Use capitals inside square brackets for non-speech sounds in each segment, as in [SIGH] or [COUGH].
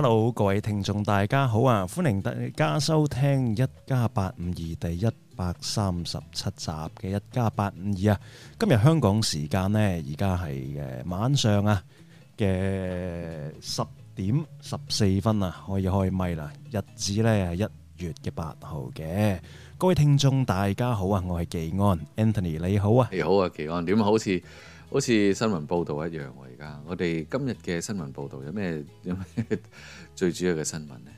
hello，各位聽眾大家好啊，歡迎大家收聽一家八五二第一百三十七集嘅一家八五二啊，今日香港時間呢而家係誒晚上啊嘅十點十四分啊，可以開咪啦，日子呢係一月嘅八號嘅，各位聽眾大家好啊，我係技安 Anthony，你好啊，你好啊，技安，點啊，好似。好似新聞報導一樣喎！而家我哋今日嘅新聞報導有咩有咩最主要嘅新聞呢？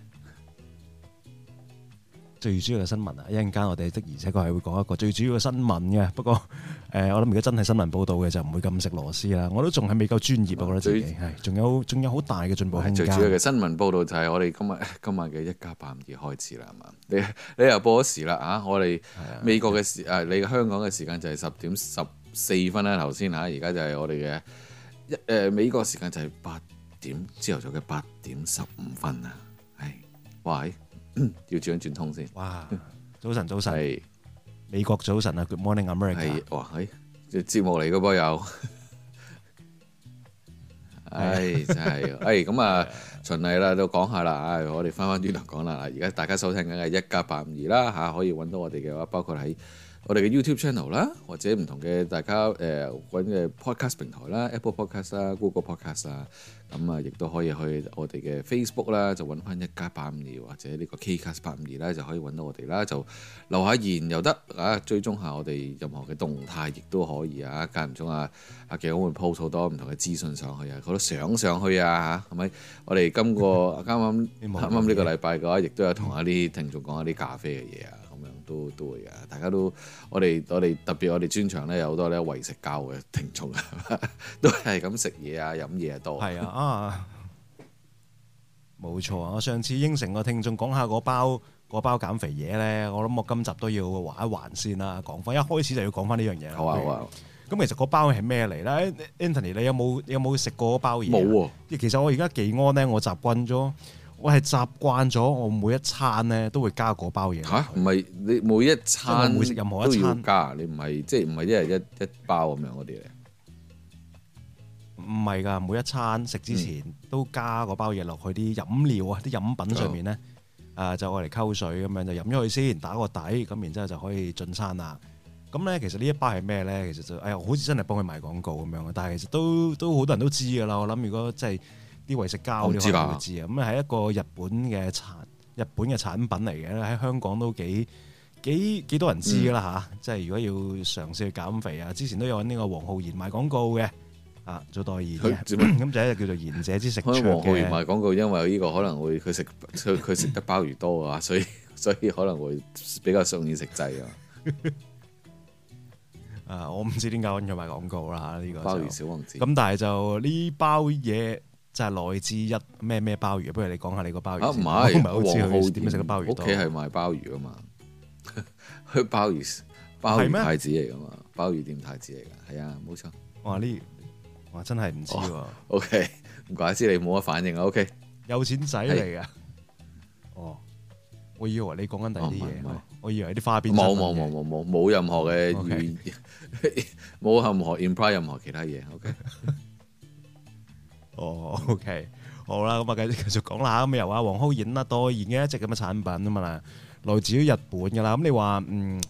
最主要嘅新聞啊！一陣間我哋的而且確係會講一個最主要嘅新聞嘅。不過誒、呃，我諗如果真係新聞報導嘅就唔會咁食螺絲啦。我都仲係未夠專業啊！我覺得自己仲有仲有好大嘅進步空間。最主要嘅新聞報導就係我哋今日今日嘅一家八五二開始啦，係嘛？你你又播咗時啦啊！我哋美國嘅時誒，的最你香港嘅時間就係十點十四分啦，頭先吓，而家就係我哋嘅一誒、呃、美國時間就係八點，朝頭早嘅八點十五分啊！係，喂，要轉一轉通先。哇，轉轉哇早晨，早晨，美國早晨啊，Good morning America。係，哇，誒、哎，節目嚟嘅噃又，唉、啊哎，真係，誒、哎，咁啊，循例啦，都講下啦，唉，我哋翻翻轉頭講啦，而家大家收聽緊嘅一家八五二啦，吓、啊、可以揾到我哋嘅話，包括喺。我哋嘅 YouTube channel 啦，或者唔同嘅大家誒揾、呃、嘅 podcast 平台啦，Apple podcast 啦，Google podcast 啊、嗯，咁啊，亦都可以去我哋嘅 Facebook 啦，就揾翻一家八五二或者呢個 KCast 八五二啦，52, 就可以揾到我哋啦，就留下言又得啊，追蹤下我哋任何嘅動態亦都可以啊，間唔中啊，阿健我會 post 好多唔同嘅資訊上去，上去啊，好多相上去啊吓，係咪？我哋今個啱啱啱啱呢個禮拜嘅話，亦都有同一啲聽眾講一啲咖啡嘅嘢啊。都都會嘅，大家都我哋我哋特別我哋專場咧有好多咧為食教嘅聽眾，都係咁食嘢啊飲嘢啊多。係啊啊，冇錯啊！我上次應承個聽眾講下個包個包減肥嘢咧，我諗我今集都要玩一玩先啦，講翻一開始就要講翻呢樣嘢。好啊好啊，咁其實個包係咩嚟咧？Anthony，你有冇有冇食過嗰包嘢？冇喎。其實我而家忌安咧，我習慣咗。我係習慣咗，我每一餐咧都會加嗰包嘢。嚇、啊，唔係你每一餐，每任何一餐都要加，你唔係即係唔係一日一一包咁樣嗰啲咧？唔係噶，每一餐食之前、嗯、都加嗰包嘢落去啲飲料啊、啲飲品上面咧。啊的、呃，就愛嚟溝水咁樣就飲咗佢先，打個底咁，然之後就可以進餐啦。咁咧，其實呢一包係咩咧？其實就哎好似真係幫佢賣廣告咁樣，但係其實都都好多人都知噶啦。我諗如果即、就、係、是。啲胃食膠，我哋可能會知啊。咁啊，係一個日本嘅產，日本嘅產品嚟嘅，喺香港都幾幾幾多人知啦吓、嗯啊，即係如果要嘗試去減肥啊，之前都有揾呢個黃浩然賣廣告嘅啊，做代言嘅。咁就係叫做賢者之食卓。可黃浩然賣廣告，因為呢個可能會佢食佢食得鮑魚多啊，所以 [LAUGHS] 所以可能會比較上意食滯 [LAUGHS] 啊。啊，我唔知點解揾佢賣廣告啦，呢個鮑魚小王子。咁但係就呢包嘢。就係內資一咩咩鮑魚，不如你講下你個鮑魚。啊唔係，黃浩點樣食到鮑魚？屋企係賣鮑魚㗎嘛，佢鮑魚鮑魚太子嚟噶嘛，鮑魚店太子嚟噶，係啊冇錯。哇呢，哇真係唔知喎。O K，唔怪之你冇乜反應啊。O K，有錢仔嚟噶。哦，我以為你講緊第二啲嘢，我以為啲花邊。冇冇冇冇冇冇任何嘅，冇任何 imply 任何其他嘢。O K。哦、oh，OK，好啦，咁啊，繼續繼續講啦。咁又啊，王浩演啦，代言嘅一隻咁嘅產品啊嘛，來自於日本噶啦。咁你話，嗯，誒、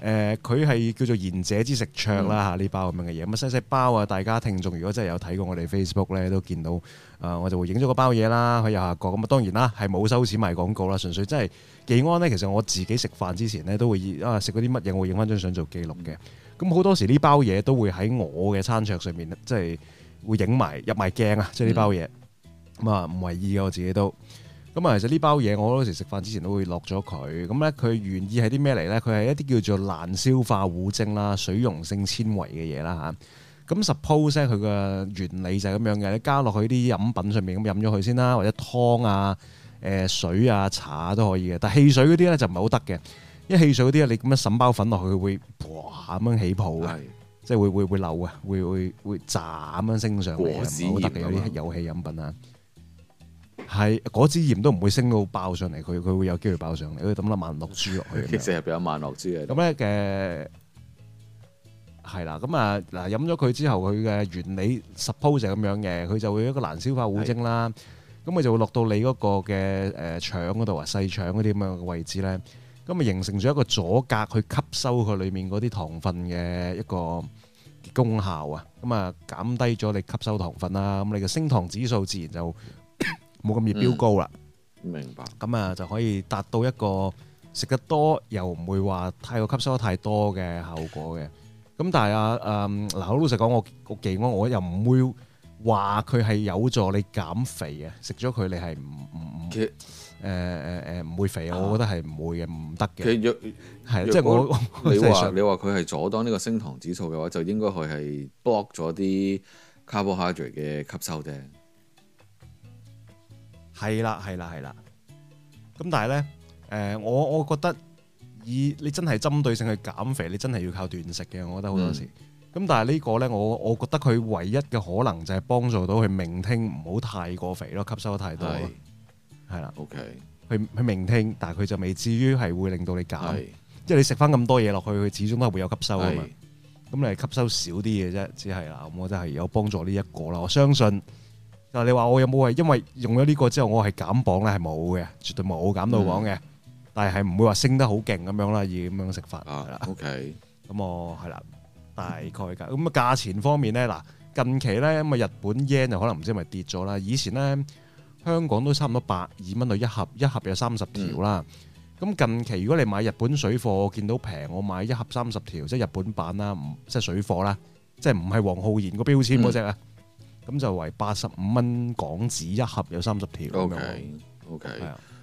呃，佢係叫做賢者之食桌啦嚇，呢、嗯、包咁樣嘅嘢。咁細細包啊，大家聽眾如果真係有睇過我哋 Facebook 咧，都見到，啊、呃，我就會影咗個包嘢啦，喺右下角。咁啊，當然啦，係冇收錢賣廣告啦，純粹真係記安呢。其實我自己食飯之前呢，都會啊食嗰啲乜嘢，我會影翻張相做記錄嘅。咁好多時呢包嘢都會喺我嘅餐桌上面，即係。會影埋入埋鏡、就是嗯、啊！即係呢包嘢咁啊，唔為意嘅我自己都。咁啊，其實呢包嘢我嗰時食飯之前都會落咗佢。咁咧，佢原意係啲咩嚟咧？佢係一啲叫做難消化糊精啦、水溶性纖維嘅嘢啦嚇。咁、啊、suppose 佢嘅原理就係咁樣嘅，你加落去啲飲品上面咁飲咗佢先啦，或者湯啊、誒、呃、水啊、茶都可以嘅。但係汽水嗰啲咧就唔係好得嘅，因為汽水嗰啲你咁樣沈包粉落去，會哇咁樣起泡。即係會會會漏啊，會會會炸咁樣升上嚟，好特嘅，有啲有氣飲品啊，係果汁鹽都唔會升到爆上嚟，佢佢會有機會爆上嚟，佢點粒萬樂珠落去， [LAUGHS] 其實係有萬樂珠嘅。咁咧嘅係啦，咁啊，嗱，飲咗佢之後，佢嘅原理 suppose 就係咁樣嘅，佢就會一個難消化糊精啦，咁佢的就會落到你嗰個嘅誒腸嗰度啊，細腸嗰啲咁樣嘅位置咧。咁啊，形成咗一個阻隔去吸收佢裏面嗰啲糖分嘅一個功效啊，咁啊減低咗你吸收糖分啦，咁你嘅升糖指數自然就冇咁易飆高啦。明白。咁啊就可以達到一個食得多又唔會話太過吸收太多嘅效果嘅。咁但係啊，嗯嗱，好老實講，我個忌安我又唔會話佢係有助你減肥啊，食咗佢你係唔唔唔。誒誒誒，唔、呃呃呃、會肥，我覺得係唔會嘅，唔得嘅。係即係我你話你話佢係阻擋呢個升糖指數嘅話，就應該佢係 block 咗啲 carbohydrate 嘅吸收啫。係啦，係啦，係啦。咁但係咧，誒，我我覺得以你真係針對性去減肥，你真係要靠斷食嘅。我覺得好多時。咁、嗯、但係呢個咧，我我覺得佢唯一嘅可能就係幫助到佢命聽，唔好太過肥咯，吸收得太多。係啦，OK，去去聆聽，但係佢就未至於係會令到你減，即係你食翻咁多嘢落去，佢始終都係會有吸收啊嘛，咁你係吸收少啲嘅啫，只係啦，咁我真係有幫助呢一個啦。我相信但係，你話我有冇係因為用咗呢個之後，我係減磅咧？係冇嘅，絕對冇減到磅嘅，但係係唔會話升得好勁咁樣啦，以咁樣食法係啦，OK，咁我係啦，大概㗎咁啊，價錢方面咧嗱，近期咧咁啊，日本 yen 就可能唔知係咪跌咗啦，以前咧。香港都差唔多百二蚊到一盒，一盒有三十條啦。咁、嗯、近期如果你買日本水貨，見到平，我買一盒三十條，即係日本版啦，唔即係水貨啦，即係唔係黃浩然個標籤嗰隻啊？咁、嗯、就為八十五蚊港紙一盒有三十條。O K O K，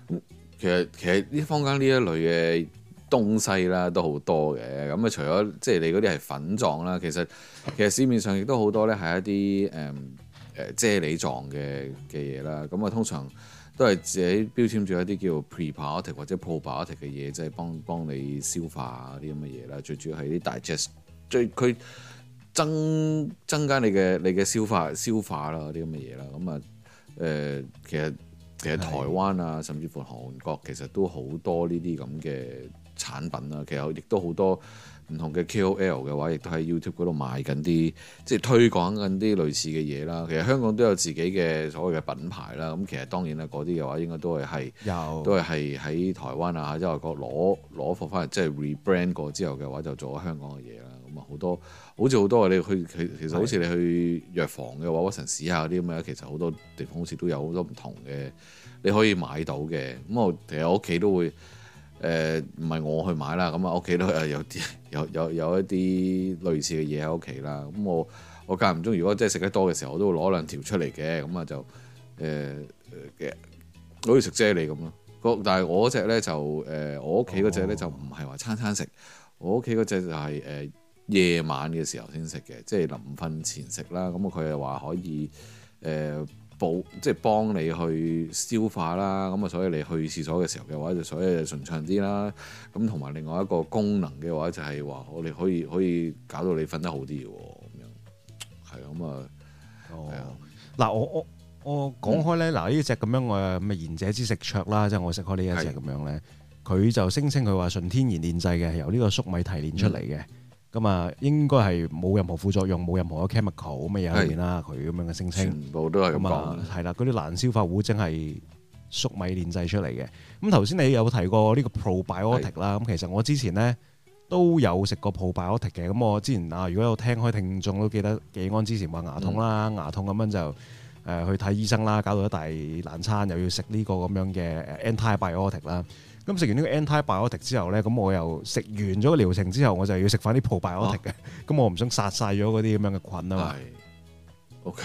咁其實其實呢坊間呢一類嘅東西啦，都好多嘅。咁啊，除咗即係你嗰啲係粉狀啦，其實其實，其實市面上亦都好多咧，係一啲誒，誒啫喱狀嘅嘅嘢啦，咁啊通常都係自己標籤咗一啲叫 prebiotic 或者 probiotic 嘅嘢，即係幫幫你消化啲咁嘅嘢啦。最主要係啲 digest，最佢增增加你嘅你嘅消化消化啦啲咁嘅嘢啦。咁啊誒，其實其實台灣啊，的甚至乎韓國，其實都好多呢啲咁嘅產品啦。其實亦都好多。唔同嘅 KOL 嘅話，亦都喺 YouTube 嗰度賣緊啲，即係推廣緊啲類似嘅嘢啦。其實香港都有自己嘅所謂嘅品牌啦。咁其實當然啦，嗰啲嘅話應該都係係，有都係係喺台灣啊，即係個攞攞貨翻嚟，即係 rebrand 過之後嘅話，就做咗香港嘅嘢啦。咁啊，好多好似好多你去其實好似你去藥房嘅話，屈臣氏啊嗰啲咁樣，其實好多地方好似都有好多唔同嘅你可以買到嘅。咁我其實屋企都會誒，唔係我去買啦。咁啊，屋企都有啲。的 [LAUGHS] 有有有一啲類似嘅嘢喺屋企啦，咁我我間唔中，如果真係食得多嘅時候，我都會攞兩條出嚟嘅，咁啊就誒嘅，好似食啫喱咁咯。但係我嗰隻咧就誒、呃，我屋企嗰隻咧就唔係話餐餐食，哦、我屋企嗰隻就係、是、誒、呃、夜晚嘅時候先食嘅，即、就、係、是、臨瞓前食啦。咁佢又話可以誒。呃補即係幫你去消化啦，咁、嗯、啊，所以你去廁所嘅時候嘅話，就所以就順暢啲啦。咁同埋另外一個功能嘅話，就係話我哋可以可以，可以搞到你瞓得好啲嘅咁樣，係咁啊。哦、oh, 的，嗱，我我我講開咧，嗱呢隻咁樣嘅咁賢者之食卓啦，即係我食開呢一隻咁樣咧，佢的就聲稱佢話純天然煉製嘅，由呢個粟米提煉出嚟嘅。嗯咁啊，應該係冇任何副作用，冇任何嘅 chemical 咁嘅嘢喺入面啦，佢咁是樣嘅聲稱。全部都係咁講。係啦樣，嗰啲、嗯、難消化糊精係粟米煉製出嚟嘅。咁頭先你有提過呢個 probiotic 啦是。咁其實我之前咧都有食過 probiotic 嘅。咁我之前啊，如果有聽開聽眾都記得幾安之前話牙痛啦，嗯、牙痛咁樣就誒、呃、去睇醫生啦，搞到一大難餐，又要食呢個咁樣嘅 antibiotic 啦。咁食完呢個 antibiotic 之後咧，咁我又食完咗個療程之後，我就要食翻啲 probiotic 嘅。咁我唔想殺曬咗嗰啲咁樣嘅菌啊嘛。OK，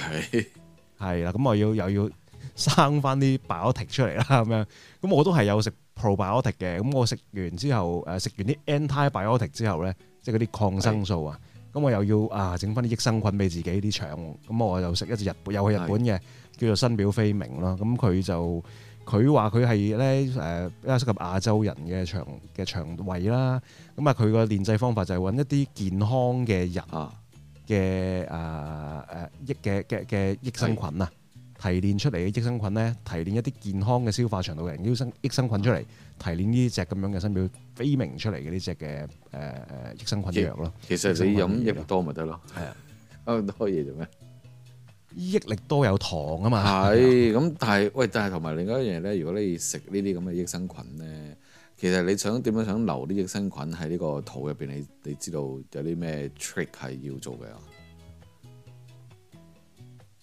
係啦，咁我要又要生翻啲 biotic 出嚟啦，咁樣。咁我都係有食 probiotic 嘅。咁我食完之後，誒食完啲 antibiotic 之後咧，即係嗰啲抗生素啊。咁我又要啊整翻啲益生菌俾自己啲腸。咁我又食一隻日本，又係日本嘅，叫做新表飛鳴啦。咁佢就。佢話佢係咧，誒比較適合亞洲人嘅腸嘅腸胃啦，咁啊佢個煉製方法就係揾一啲健康嘅人嘅誒誒益嘅嘅嘅益生菌啊，提煉出嚟嘅益生菌咧，提煉一啲健康嘅消化腸道嘅人益生菌出嚟，提煉呢隻咁樣嘅新表飛鳴出嚟嘅呢隻嘅誒誒益生菌藥咯。其實你飲益力多咪得咯，係啊，多嘢做咩？益力多有糖啊嘛，係咁是，哎、呦 但係喂，但係同埋另外一樣嘢咧，如果你食呢啲咁嘅益生菌咧，其實你想點樣想留啲益生菌喺呢個肚入邊？你你知道有啲咩 trick 係要做嘅？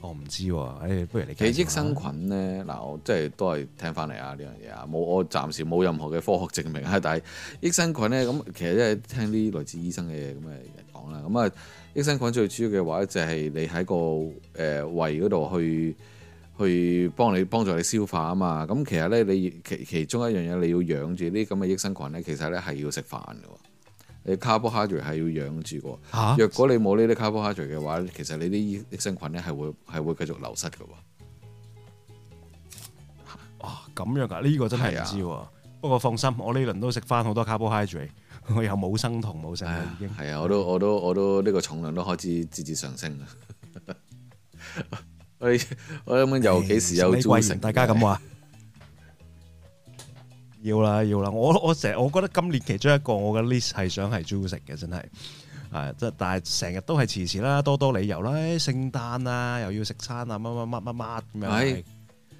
我唔、哦、知喎、啊哎，不如你其實益生菌咧，嗱、嗯，我即係都係聽翻嚟啊呢樣嘢啊，冇，我暫時冇任何嘅科學證明啊。但係益生菌咧，咁其實都係聽啲來自醫生嘅咁嘅人講啦，咁啊。益生菌最主要嘅話，就係、是、你喺個誒胃嗰度去去幫你幫助你消化啊嘛。咁其實咧，你其其中一樣嘢你要養住啲咁嘅益生菌咧，其實咧係要食飯㗎。你 carbohydrate 係要養住嘅。啊、若果你冇呢啲 carbohydrate 嘅話，其實你啲益生菌咧係會係會繼續流失㗎。哇、啊！咁樣噶、啊？呢、呢個真係唔知喎。不過放心，我呢輪都食翻好多 carbohydrate。我又冇生酮，冇食，係啊！我都我都我都呢個重量都開始節節上升啊！我我諗問又幾時有朱古力食？大家咁話？要啦要啦！我我成日我覺得今年其中一個我嘅 list 係想係朱古力嘅，真係啊！即但係成日都係遲遲啦，多多理由啦，聖誕啊又要食餐啊乜乜乜乜乜咁樣。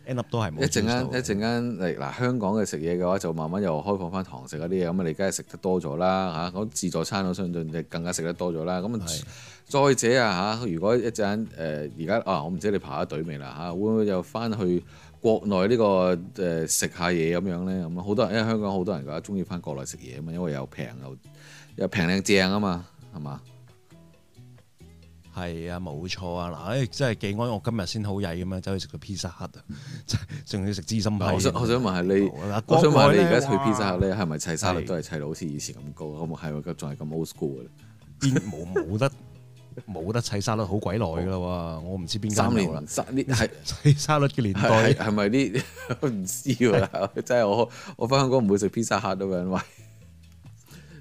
一陣間一陣間嚟嗱，香港嘅食嘢嘅話就慢慢又開放翻堂食嗰啲嘢，咁你梗係食得多咗啦嚇。咁、啊、自助餐我相信你更加食得多咗啦。咁、哎、再者啊嚇，如果一陣間誒而家啊，我唔知你排咗隊未啦嚇，會唔會又翻去國內、這個呃、呢個誒食下嘢咁樣咧？咁啊，好多人因為香港好多人嘅話中意翻國內食嘢啊嘛，因為又平又又平靚正啊嘛，係嘛？係啊，冇錯啊！嗱，誒真係幾安！我今日先好曳咁樣走去食個 Pizza Hut 啊，仲要食芝心派。我想我想問下你，我想問下你而家去 Pizza Hut 咧係咪砌沙律都係砌到好似以前咁高？係咪？係咪？仲係咁 old school 嘅？邊冇冇得冇得砌沙律好鬼耐㗎啦喎！我唔知邊三年，三係砌沙律嘅年代係咪啲唔知喎？真係我我翻香港唔會食 Pizza Hut 都嘅，因為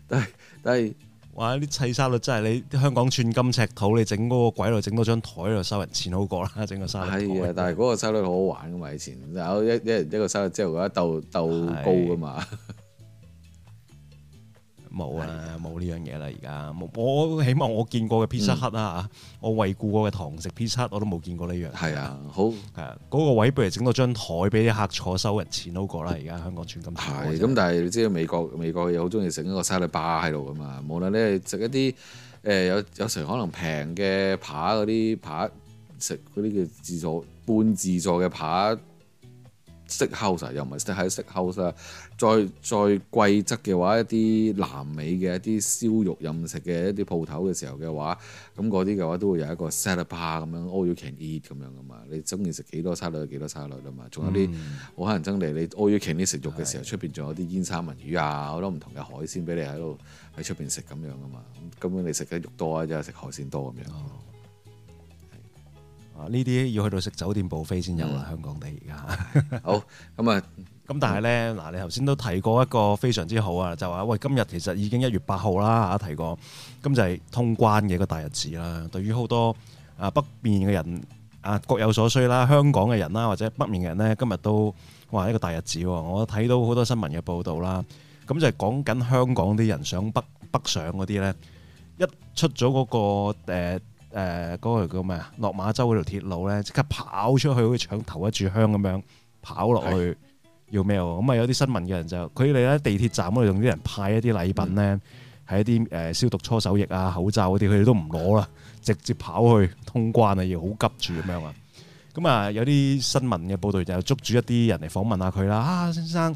但係但係。哇！啲砌沙律真係你啲香港寸金尺土，你整嗰個鬼路，整多張台喺度收人錢好過啦，整個沙律。係啊，但係嗰個沙律好好玩噶嘛，以前有一一一個沙律之後，覺得鬥鬥高噶嘛。冇啊，冇呢樣嘢啦而家的，我起碼我見過嘅 pizza hut 啦、嗯、我惠顧過嘅堂食 pizza hut 我都冇見過呢樣。係啊，好，係嗰、嗰個位不如整多張台俾啲客坐，收人錢好過啦。而家香港轉咁快。咁但係你知道美國美國又好中意整一個沙律吧喺度噶嘛，無論你係食一啲誒有有時可能平嘅扒嗰啲扒，食嗰啲叫自助半自助嘅扒，steakhouse 又唔係食喺食 steakhouse 再再貴質嘅話，一啲南美嘅一啲燒肉任食嘅一啲鋪頭嘅時候嘅話，咁嗰啲嘅話都會有一個 set up 咁樣，all you can eat 咁樣噶嘛。你中意食幾多沙律，幾多沙律啦嘛。仲有啲好、嗯、可能憎嚟你 all you can eat 食肉嘅時候，出邊仲有啲煙三文魚啊，好多唔同嘅海鮮俾你喺度喺出邊食咁樣噶嘛。咁根本你食得肉多啊，即係食海鮮多咁樣。呢啲、哦、要去到食酒店 buffet 先有啊，嗯、香港地而家。好，咁啊。咁但係呢，嗱，你頭先都提過一個非常之好啊，就話喂，今日其實已經一月八號啦嚇，提過，咁就係通關嘅一個大日子啦。對於好多啊北面嘅人啊，各有所需啦，香港嘅人啦，或者北面嘅人呢，今日都話一個大日子。我睇到好多新聞嘅報道啦，咁就係講緊香港啲人想北北上嗰啲呢，一出咗嗰、嗰個誒誒嗰個叫咩啊，落馬洲嗰條鐵路呢，即刻跑出去好似搶頭一炷香咁樣跑落去。要咩喎？咁啊有啲新聞嘅人就佢哋喺地鐵站嗰度同啲人派一啲禮品咧，係一啲誒消毒搓手液啊、口罩嗰啲，佢哋都唔攞啦，直接跑去通關啊，要好急住咁樣啊！咁啊有啲新聞嘅報導就捉住一啲人嚟訪問下佢啦。啊先生，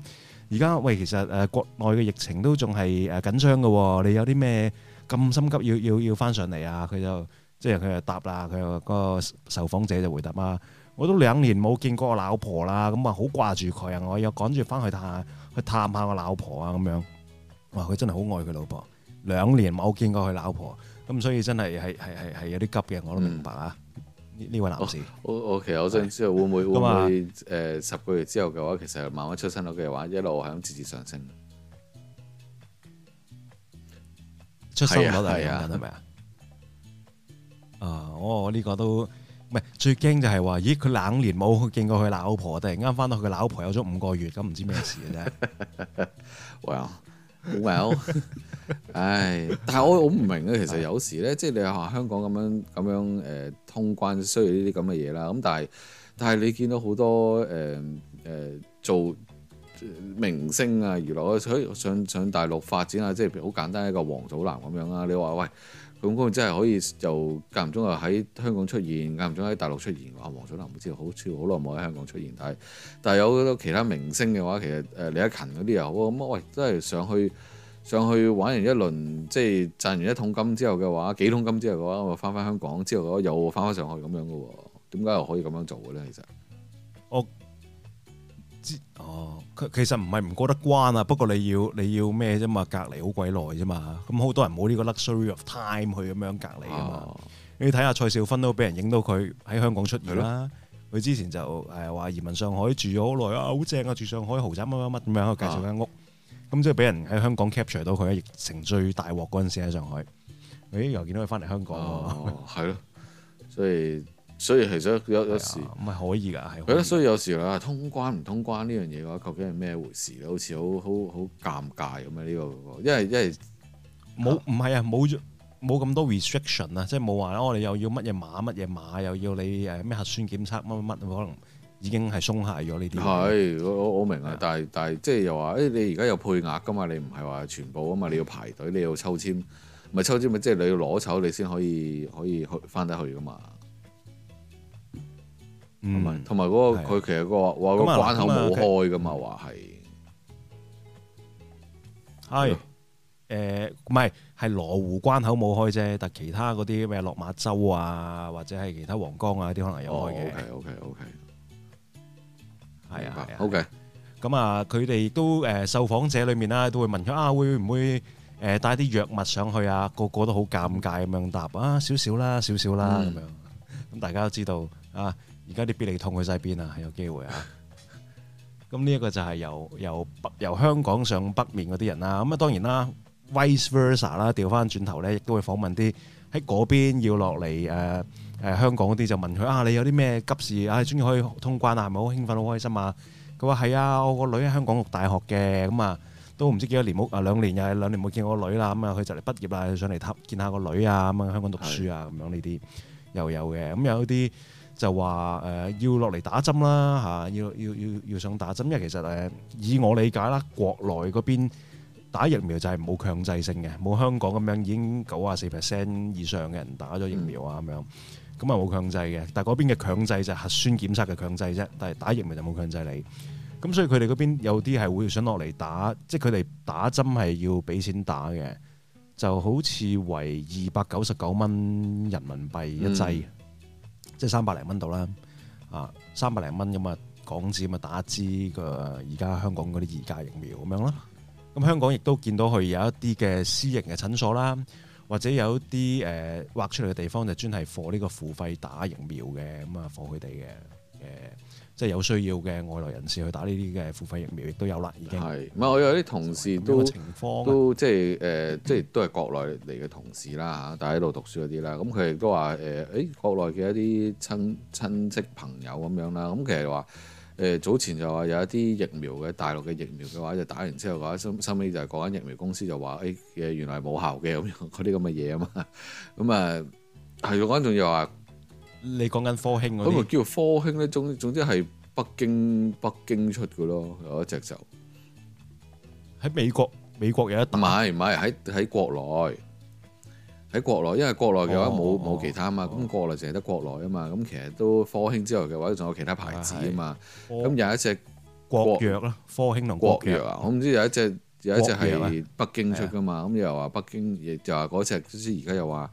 而家喂其實誒國內嘅疫情都仲係誒緊張嘅，你有啲咩咁心急要要要翻上嚟啊？佢就即係佢就答啦，佢個嗰個受訪者就回答啦。我都兩年冇見過我老婆啦，咁啊好掛住佢啊，我又趕住翻去探去探下我老婆啊。咁樣，哇佢真係好愛佢老婆，兩年冇見過佢老婆，咁所以真係係係係有啲急嘅，我都明白啊。呢、嗯、位男士，喔喔、OK, 我其實我想知道會唔會會唔會誒十個月之後嘅話，其實係慢慢出生咗嘅話，一路係咁節節上升。出生咗啊？係啊？係咪啊？啊、no? uh, uh, uh, uh, uh, uh,，我我呢個都。最驚就係話，咦佢兩年冇見過佢老婆，突然間翻到佢老婆有咗五個月，咁唔知咩事嘅啫。Well，well， [LAUGHS] [LAUGHS] 唉！但係我好唔明啊，其實有時咧，即係的你話香港咁樣咁樣誒通關需要呢啲咁嘅嘢啦。咁但係但係你見到好多誒誒、呃、做明星啊、娛樂啊，上上大陸發展啊，即係譬如好簡單一個王祖藍咁樣啦。你話喂？本來真係可以就間唔中又喺香港出現，間唔中喺大陸出現嘅話，黃祖藍唔知好似好耐冇喺香港出現，但係但係有好多其他明星嘅話，其實誒李克勤嗰啲又好咁、嗯、喂，真係上去上去玩完一輪，即係賺完一桶金之後嘅話，幾桶金之後嘅話，我翻返香港之後嗰又翻返上去咁樣嘅喎，點解又可以咁樣做嘅咧？其實我、嗯。佢其實唔係唔過得關啊，不過你要你要咩啫嘛？隔離好鬼耐啫嘛，咁好多人冇呢個 luxury of time 去咁樣隔離啊嘛。啊你睇下蔡少芬都俾人影到佢喺香港出現啦。佢的之前就誒話移民上海住咗好耐啊，好正啊，住上海豪宅乜乜乜咁樣介紹間屋。咁、啊、即係俾人喺香港 capture 到佢喺疫情最大鑊嗰陣時喺上海。誒又見到佢翻嚟香港喎。係咯、啊， [LAUGHS] 所以。所以其實有有時唔係、啊、可以㗎，係所以有時啦，通關唔通關呢樣嘢嘅話，究竟係咩回事咧？好似好好好尷尬咁啊！呢個因為因為冇唔係啊，冇冇咁多 restriction 啊，即係冇話我哋又要乜嘢碼乜嘢碼，又要你誒咩核酸檢測乜乜乜，可能已經係鬆懈咗呢啲係我我我明啊的，但係但係即係又話誒、欸，你而家有配額㗎嘛？你唔係話全部啊嘛？你要排隊，你要抽唔咪抽籤咪即係你要攞籌，你先可以可以去翻得去㗎嘛？嗯，同埋嗰個佢其實個話個關口冇開噶嘛，話係係誒，唔係係羅湖關口冇開啫，但其他嗰啲咩落馬洲啊，或者係其他皇崗啊啲，可能有開嘅。O K O K O K 係啊，O K。咁啊，佢哋都誒，受訪者裏面啦，都會問佢啊，會唔會誒帶啲藥物上去啊？個個都好尷尬咁樣答啊，少少啦，少少啦咁樣。咁大家都知道啊。而家啲必理痛去曬邊啊？係有機會啊！咁呢一個就係由由北由香港上北面嗰啲人啦。咁啊當然啦，vice versa 啦，調翻轉頭咧，亦都會訪問啲喺嗰邊要落嚟誒誒香港嗰啲，就問佢啊，你有啲咩急事啊？終於可以通關啊！係咪好興奮、好開心啊？佢話係啊，我個女喺香港讀大學嘅，咁啊都唔知幾多年冇啊兩年又係兩年冇見我個女啦。咁啊佢就嚟畢業啦，就上嚟睇見下個女啊，咁啊香港讀書啊，咁樣呢啲又有嘅。咁有啲。就話誒、呃、要落嚟打針啦嚇、啊，要要要要上打針，因為其實誒、呃、以我理解啦，國內嗰邊打疫苗就係冇強制性嘅，冇香港咁樣已經九啊四 percent 以上嘅人打咗疫苗啊咁、嗯、樣，咁啊冇強制嘅。但係嗰邊嘅強制就係核酸檢測嘅強制啫，但係打疫苗就冇強制你。咁所以佢哋嗰邊有啲係會想落嚟打，即係佢哋打針係要俾錢打嘅，就好似為二百九十九蚊人民幣一劑。嗯即三百零蚊度啦，啊三百零蚊，咁啊港紙咪打支個而家香港嗰啲二價疫苗咁樣咯，咁、啊、香港亦都見到佢有一啲嘅私營嘅診所啦，或者有一啲誒劃出嚟嘅地方就專係放呢個付費打疫苗嘅，咁啊放佢哋嘅誒。即係有需要嘅外來人士去打呢啲嘅付費疫苗，亦都有啦。已經係唔係我有啲同事都情況都即係誒，即係、呃、 [LAUGHS] 都係國內嚟嘅同事啦嚇，但係喺度讀書嗰啲啦，咁佢亦都話誒，誒、欸、國內嘅一啲親親戚朋友咁樣啦，咁其實話誒、欸、早前就話有一啲疫苗嘅大陸嘅疫苗嘅話，就打完之後嘅話，收尾就係嗰間疫苗公司就話誒嘅原來冇效嘅咁樣嗰啲咁嘅嘢啊嘛，咁啊係講仲要話。你講緊科興嗰啲，咁咪叫科興咧，總總之係北京北京出嘅咯，有一隻就喺美國，美國有一大唔係唔係喺喺國內，喺國內，因為國內嘅話冇冇其他啊嘛，咁國內淨係得國內啊嘛，咁其實都科興之後嘅話，仲有其他牌子啊嘛，咁有一隻國藥啦，科興同國藥啊，我唔知有一隻有一隻係北京出噶嘛，咁又話北京亦就話嗰隻，而家又話。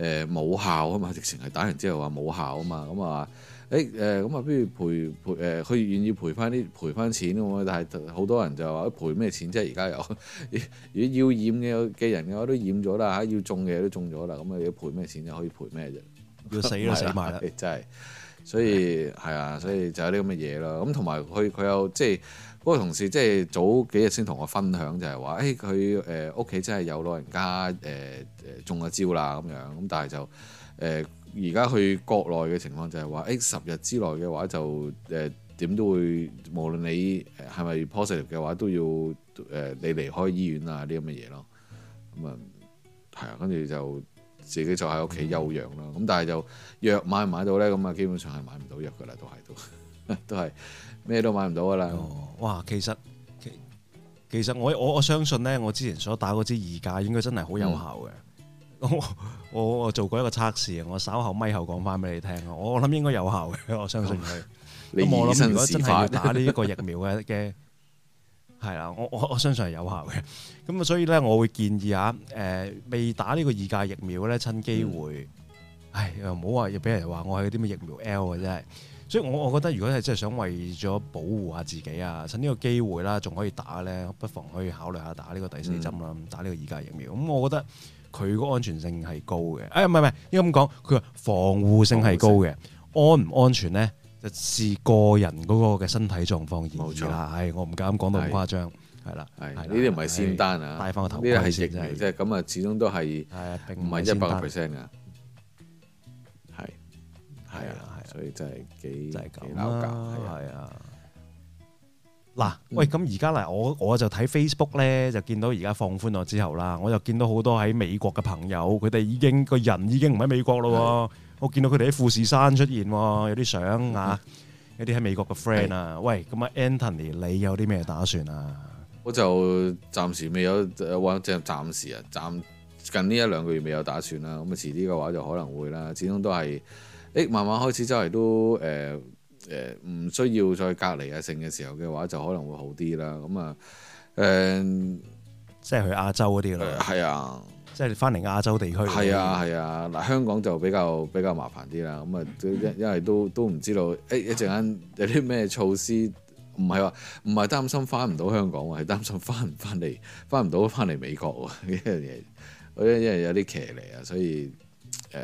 誒冇、呃、效啊嘛，直情係打完之後話冇效啊嘛，咁啊話，誒咁啊，不、呃呃、如賠賠誒，佢、呃、願意賠翻啲賠翻錢咁啊，但係好多人就話，賠咩錢即係？而家又如果要驗嘅嘅人嘅話都驗咗啦，嚇要中嘅都中咗啦，咁、嗯、啊要賠咩錢就可以賠咩啫？要死咯，都死埋啦，真係，所以係啊、欸，所以就有啲咁嘅嘢咯，咁同埋佢佢有即係。嗰個同事即係早幾日先同我分享就，就係話：誒佢誒屋企真係有老人家誒誒、呃、中咗招啦咁樣。咁但係就誒而家去國內嘅情況就係話：誒、欸、十日之內嘅話就誒點、呃、都會，無論你係咪 positive 嘅話都要誒、呃、你離開醫院啊啲咁嘅嘢咯。咁啊係啊，跟住就自己就喺屋企休養啦。咁、嗯、但係就藥買唔買到咧？咁啊基本上係買唔到藥㗎喇，都係都都係咩都買唔到㗎喇。哦 [LAUGHS] 哇，其實，其其實我我我相信咧，我之前所打嗰支二價應該真係好有效嘅。嗯、 [LAUGHS] 我我做過一個測試，我稍後咪後講翻俾你聽。我我諗應該有效嘅，我相信佢。咁、嗯、我諗如果真係要打呢一個疫苗嘅嘅，係啦， [LAUGHS] 我我我相信係有效嘅。咁啊，所以咧，我會建議啊，誒、呃，未打呢個二價疫苗咧，趁機會，嗯、唉，唔好話要俾人話我係啲咩疫苗 L 嘅啫。所以我我覺得如果係真係想為咗保護下自己啊，趁呢個機會啦，仲可以打咧，不妨可以考慮下打呢個第四針啦，打呢個二價疫苗。咁我覺得佢個安全性係高嘅。誒唔係唔係應該咁講，佢話防護性係高嘅，安唔安全咧？就視個人嗰個嘅身體狀況而定啦。係，我唔敢講到咁誇張。係啦，呢啲唔係仙丹啊，戴翻個頭盔先。即係咁啊，始終都係唔係一百 percent 嘅。係係啊。所以真係幾幾拗架，係啊！嗱，喂，咁而家嚟，我我就睇 Facebook 咧，就見到而家放寬咗之後啦，我就見到好多喺美國嘅朋友，佢哋已經個人已經唔喺美國咯。的我見到佢哋喺富士山出現，有啲相、嗯、啊，有啲喺美國嘅 friend 啊。的喂，咁啊，Anthony，你有啲咩打算啊？我就暫時未有，或、呃、者暫時啊，暫近呢一兩個月未有打算啦。咁啊，遲啲嘅話就可能會啦。始終都係。誒慢慢開始周圍都，誒誒，唔需要再隔離啊，剩嘅時候嘅話就可能會好啲啦。咁啊，誒即係去亞洲嗰啲咯。係啊，即係翻嚟亞洲地區，係啊，係啊。嗱香港就比較比較麻煩啲啦。咁啊，因、嗯、因為都都唔知道誒、欸、一陣間有啲咩措施。唔係話唔係擔心翻唔到香港喎，係擔心翻唔翻嚟翻唔到翻嚟美國呢樣嘢，因為因為有啲騎離啊，所以誒。呃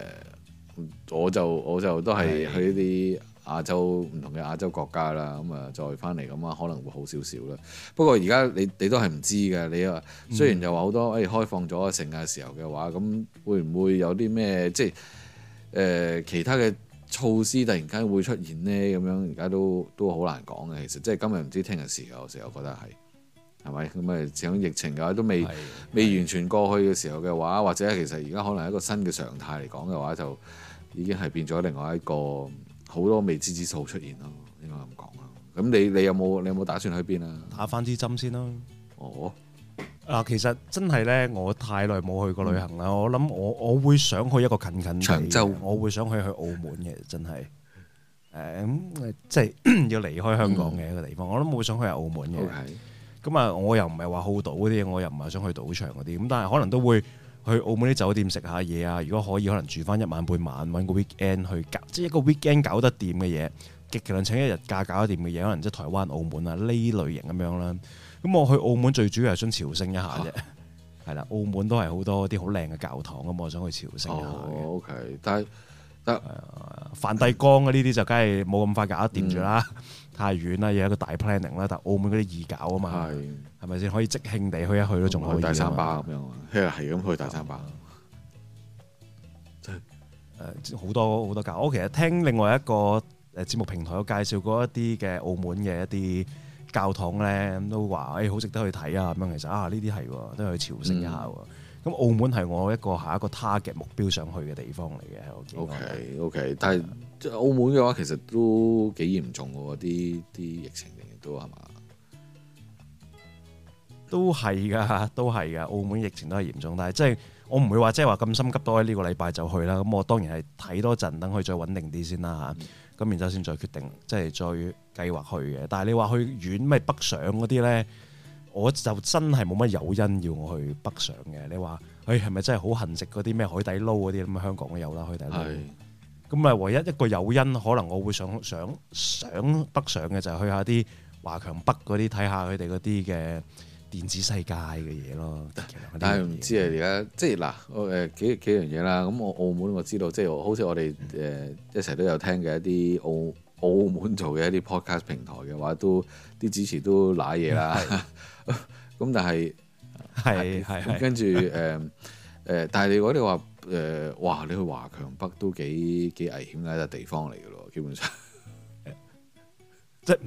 我就我就都係去啲亞洲唔的同嘅亞洲國家啦，咁啊再翻嚟咁啊可能會好少少啦。不過而家你你都係唔知嘅，你話雖然又話好多誒、嗯哎、開放咗成嘅時候嘅話，咁會唔會有啲咩即係誒、呃、其他嘅措施突然間會出現呢？咁樣而家都都好難講嘅，其實即係今日唔知聽日事有時候，我覺得係係咪咁啊？整個疫情嘅又都未的未完全過去嘅時候嘅話，的或者其實而家可能係一個新嘅常態嚟講嘅話就。已經係變咗另外一個好多未知之數出現咯，應該咁講咯。咁你你有冇你有冇打算去邊啊？打返支針先啦。哦，啊，其實真係咧，我太耐冇去過旅行啦。我諗我我會想去一個近近長洲，我會想去去澳門嘅，真係。誒、嗯、即係 [LAUGHS] 要離開香港嘅一個地方，嗯、我諗我會想去係澳門嘅。咁啊 Okay.，我又唔係話好賭啲，我又唔係想去賭場嗰啲。咁但係可能都會。去澳門啲酒店食下嘢啊！如果可以，可能住翻一晚半晚，揾個 weekend 去搞，即係一個 weekend 搞得掂嘅嘢，極其量請一日假搞得掂嘅嘢，可能即係台灣、澳門啊呢類型咁樣啦。咁我去澳門最主要係想朝聖一下啫，係啦、啊，澳門都係好多啲好靚嘅教堂咁，我想去朝聖一下嘅。哦，OK，但係得梵蒂岡啊呢啲就梗係冇咁快搞得掂住啦。 [LAUGHS] 太遠啦，要有一個大 planning 啦，但澳門嗰啲易搞啊嘛，係咪先？可以即興地去一去都仲可以。大三巴咁樣，佢又係咁去大三巴，即係誒好多好多教。我、哦、其實聽另外一個誒節目平台有介紹過一啲嘅澳門嘅一啲教堂咧，咁都話誒好值得去睇啊咁樣。其實啊，呢啲係都去朝聖一下喎。嗯咁澳門係我一個下一個他嘅目標想去嘅地方嚟嘅，OK OK，但係澳門嘅話其實都幾嚴重喎，啲啲疫情都係嘛？都係噶，都係噶，澳門疫情都係嚴重。但係即係我唔會話即係話咁心急，多喺呢個禮拜就去啦。咁我當然係睇多陣，等佢再穩定啲先啦嚇。咁、嗯、然之後先再決定，即、就、係、是、再計劃去嘅。但係你話去遠咩北上嗰啲咧？我就真係冇乜誘因要我去北上嘅，你、哎、話，誒係咪真係好恨食嗰啲咩海底撈嗰啲咁啊？香港都有啦，海底撈。咁啊是，唯一一個誘因可能我會想想想北上嘅就係去下啲華強北嗰啲睇下佢哋嗰啲嘅電子世界嘅嘢咯。但係唔知啊，而家即係嗱，誒、呃、幾幾樣嘢啦。咁、嗯、我澳門我知道，即係好似我哋誒、呃、一齊都有聽嘅一啲澳澳門做嘅一啲 podcast 平台嘅，話都啲支持都瀨嘢啦。的 [LAUGHS] 咁但係係係跟住誒誒，但係如果你話誒、呃，哇！你去華強北都幾幾危險嘅一個地方嚟嘅咯，基本上，呃、即係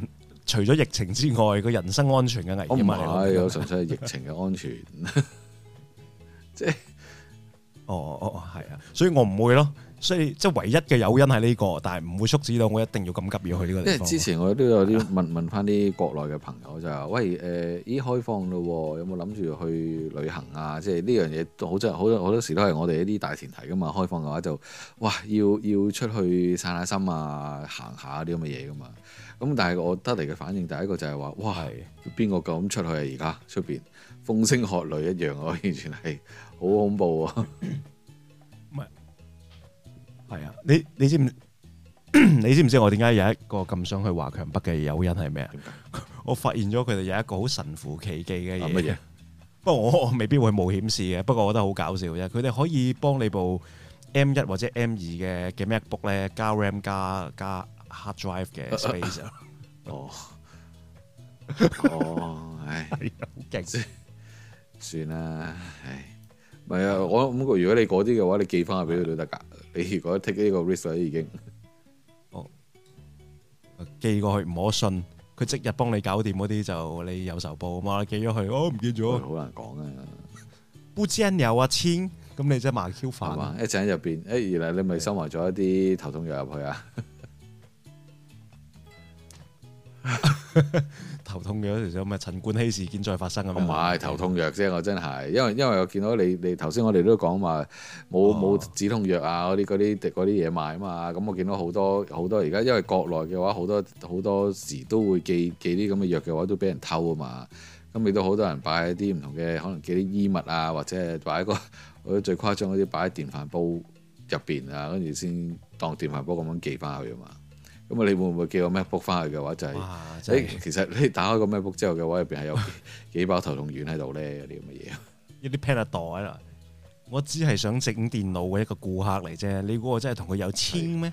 除咗疫情之外，個人身安全嘅危險唔係，有純粹係疫情嘅安全， [LAUGHS] 即係、哦，哦哦哦，係啊，所以我唔會咯。所以即係唯一嘅誘因係呢、這個，但係唔會促使到我一定要咁急要去呢個地方。因為之前我都有啲問 [LAUGHS] 問翻啲國內嘅朋友就話：喂，誒、呃、依開放咯，有冇諗住去旅行啊？即係呢樣嘢都好真，好多好多時都係我哋一啲大前提噶嘛。開放嘅話就，哇，要要出去散下心啊，行下啲咁嘅嘢噶嘛。咁但係我得嚟嘅反應第一個就係話：哇，邊個敢出去啊？而家出面風聲鶴唳一樣，啊，我完全係好恐怖啊！ [LAUGHS] 係啊，你你知唔你知唔知我點解有一個咁想去華強北嘅誘因係咩啊？我發現咗佢哋有一個好神乎其技嘅嘢。乜嘢？不過我未必會冒險試嘅。不過我覺得好搞笑啫，佢哋可以幫你部 M 一或者 M 二嘅嘅 MacBook 咧，加 RAM 加加 Hard Drive 嘅 space。哦哦，唉，好勁，算啦，唉。唔係啊！我諗過，如果你嗰啲嘅話，你寄翻去俾佢都得㗎。你如果 take 呢個 risk 已經哦寄過去唔可信，佢即日幫你搞掂嗰啲，就你有仇報嘛，寄咗去哦唔見咗，好、嗯、難講啊！Budget 有啊千，咁你真係麻 Q 煩啊！一陣喺入邊，哎原來你咪收埋咗一啲頭痛藥入去啊！頭痛藥條數咪陳冠希事件再發生啊嘛，唔係頭痛藥啫，我真係，因為因為我見到你你頭先我哋都講話冇冇止痛藥啊嗰啲啲啲嘢賣啊嘛，咁我見到好多好多而家因為國內嘅話好多好多時都會寄寄啲咁嘅藥嘅話都俾人偷啊嘛，咁亦都好多人擺喺啲唔同嘅可能寄啲衣物啊或者係擺個嗰啲最誇張嗰啲擺喺電飯煲入邊啊，跟住先當電飯煲咁樣寄翻去啊嘛。咁啊，你會唔會叫個 MacBook 翻去嘅話就係？誒，其實你打開個 MacBook 之後嘅話，入邊係有幾包頭痛丸喺度咧，嗰啲咁嘅嘢。啲 Panadol 啦，我只係想整電腦嘅一個顧客嚟啫。你估我真係同佢有簽咩？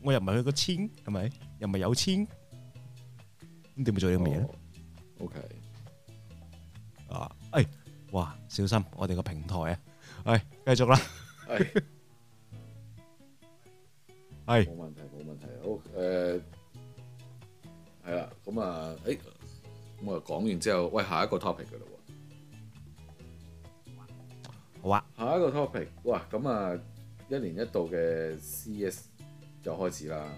我又唔係佢個簽，係咪？又唔係有簽？咁點會做呢樣嘢咧？OK。啊，誒，哇，小心我哋個平台啊！係，繼續啦。係。係。好誒，係啦、okay, 呃，咁啊，誒、嗯，咁、欸、啊、嗯、講完之後，喂，下一個 topic 噶啦，好啊，下一個 topic，哇、呃，咁啊，一年一度嘅 CES 就開始啦，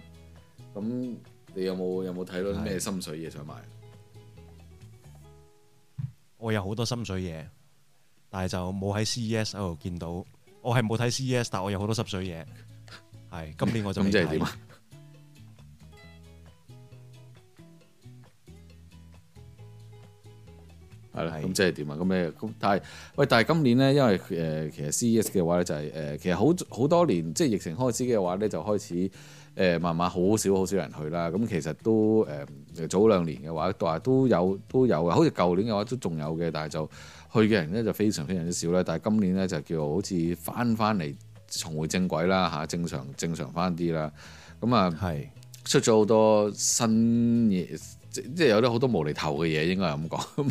咁、嗯、你有冇有冇睇到啲咩心水嘢想買？對我有好多心水嘢，但係就冇喺 CES 嗰度見到，我係冇睇 CES，但係我有好多心水嘢，係今年我就即係點啊？係啦，咁是即係點啊？咁咩？咁但係，喂，但係今年咧，因為誒、呃，其實 CES 嘅話咧、就是，就係誒，其實好好多年，即係疫情開始嘅話咧，就開始誒、呃，慢慢好少好少人去啦。咁、嗯、其實都誒、呃，早兩年嘅話都係都有都有嘅，好似舊年嘅話都仲有嘅，但係就去嘅人咧就非常非常之少啦。但係今年咧就叫好似翻翻嚟重回正軌啦嚇，正常正常翻啲啦。咁、嗯、啊，係出咗好多新嘢。即係有啲好多無厘頭嘅嘢，應該係咁講，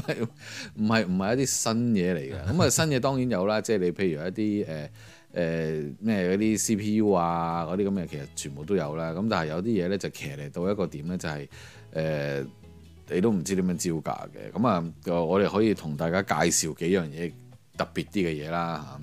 唔係唔係一啲新嘢嚟嘅。咁啊 [LAUGHS] 新嘢當然有啦，即係你譬如一啲誒誒咩嗰啲 CPU 啊嗰啲咁嘅，其實全部都有啦。咁但係有啲嘢咧就騎嚟到一個點咧、就係，就係誒你都唔知點樣招架嘅。咁啊，我哋可以同大家介紹幾樣嘢特別啲嘅嘢啦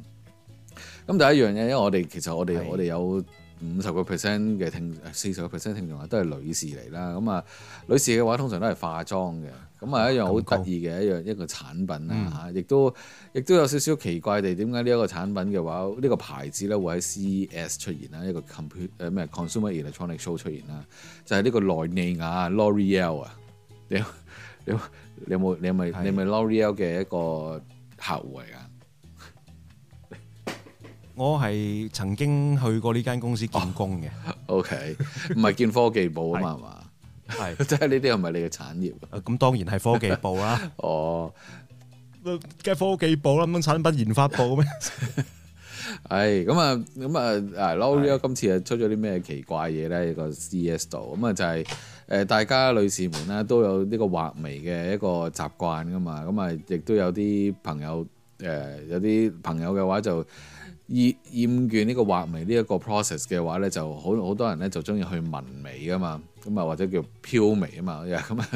嚇。咁第一樣嘢，因為我哋其實我哋我哋有。五十個 percent 嘅聽，四十 percent 聽眾啊，都係女士嚟啦。咁啊，女士嘅話通常都係化妝嘅。咁啊，一樣好得意嘅一樣一個產品啦嚇，亦、嗯啊、都亦都有少少奇怪地，點解呢一個產品嘅話，這個、呢個牌子咧會喺 CES 出現啦，一個 computer 誒、啊、咩 consumer electronics show 出現啦，就係、是、呢個萊妮亞 L'Oreal 啊，你你你有冇你係咪你係咪 L'Oreal 嘅一個客戶嚟噶？我係曾經去過呢間公司見工嘅。O K，唔係見科技部啊嘛，係嘛 [LAUGHS] 是？係，即係呢啲又唔係你嘅產業、啊？咁 [LAUGHS] 當然係科技部啦。 [LAUGHS] [LAUGHS] 哦，嘅 [LAUGHS] 打字、嗯、科技部啦，咁產品研發部咩？唉 [LAUGHS] [LAUGHS] 哎，咁啊，咁啊，Louis 今次啊出咗啲咩奇怪嘢咧？呢個 CS 度，咁啊，就係、是、誒、呃，大家女士們咧都有呢個畫眉嘅一個習慣噶嘛，咁、嗯、啊，亦、嗯、都有啲朋友誒、呃，有啲朋友嘅話就。嗯就嗯厭厭倦呢個畫眉呢一個 process 嘅話呢，就好好多人呢就中意去紋眉啊嘛，咁啊或者叫漂眉啊嘛，咁啊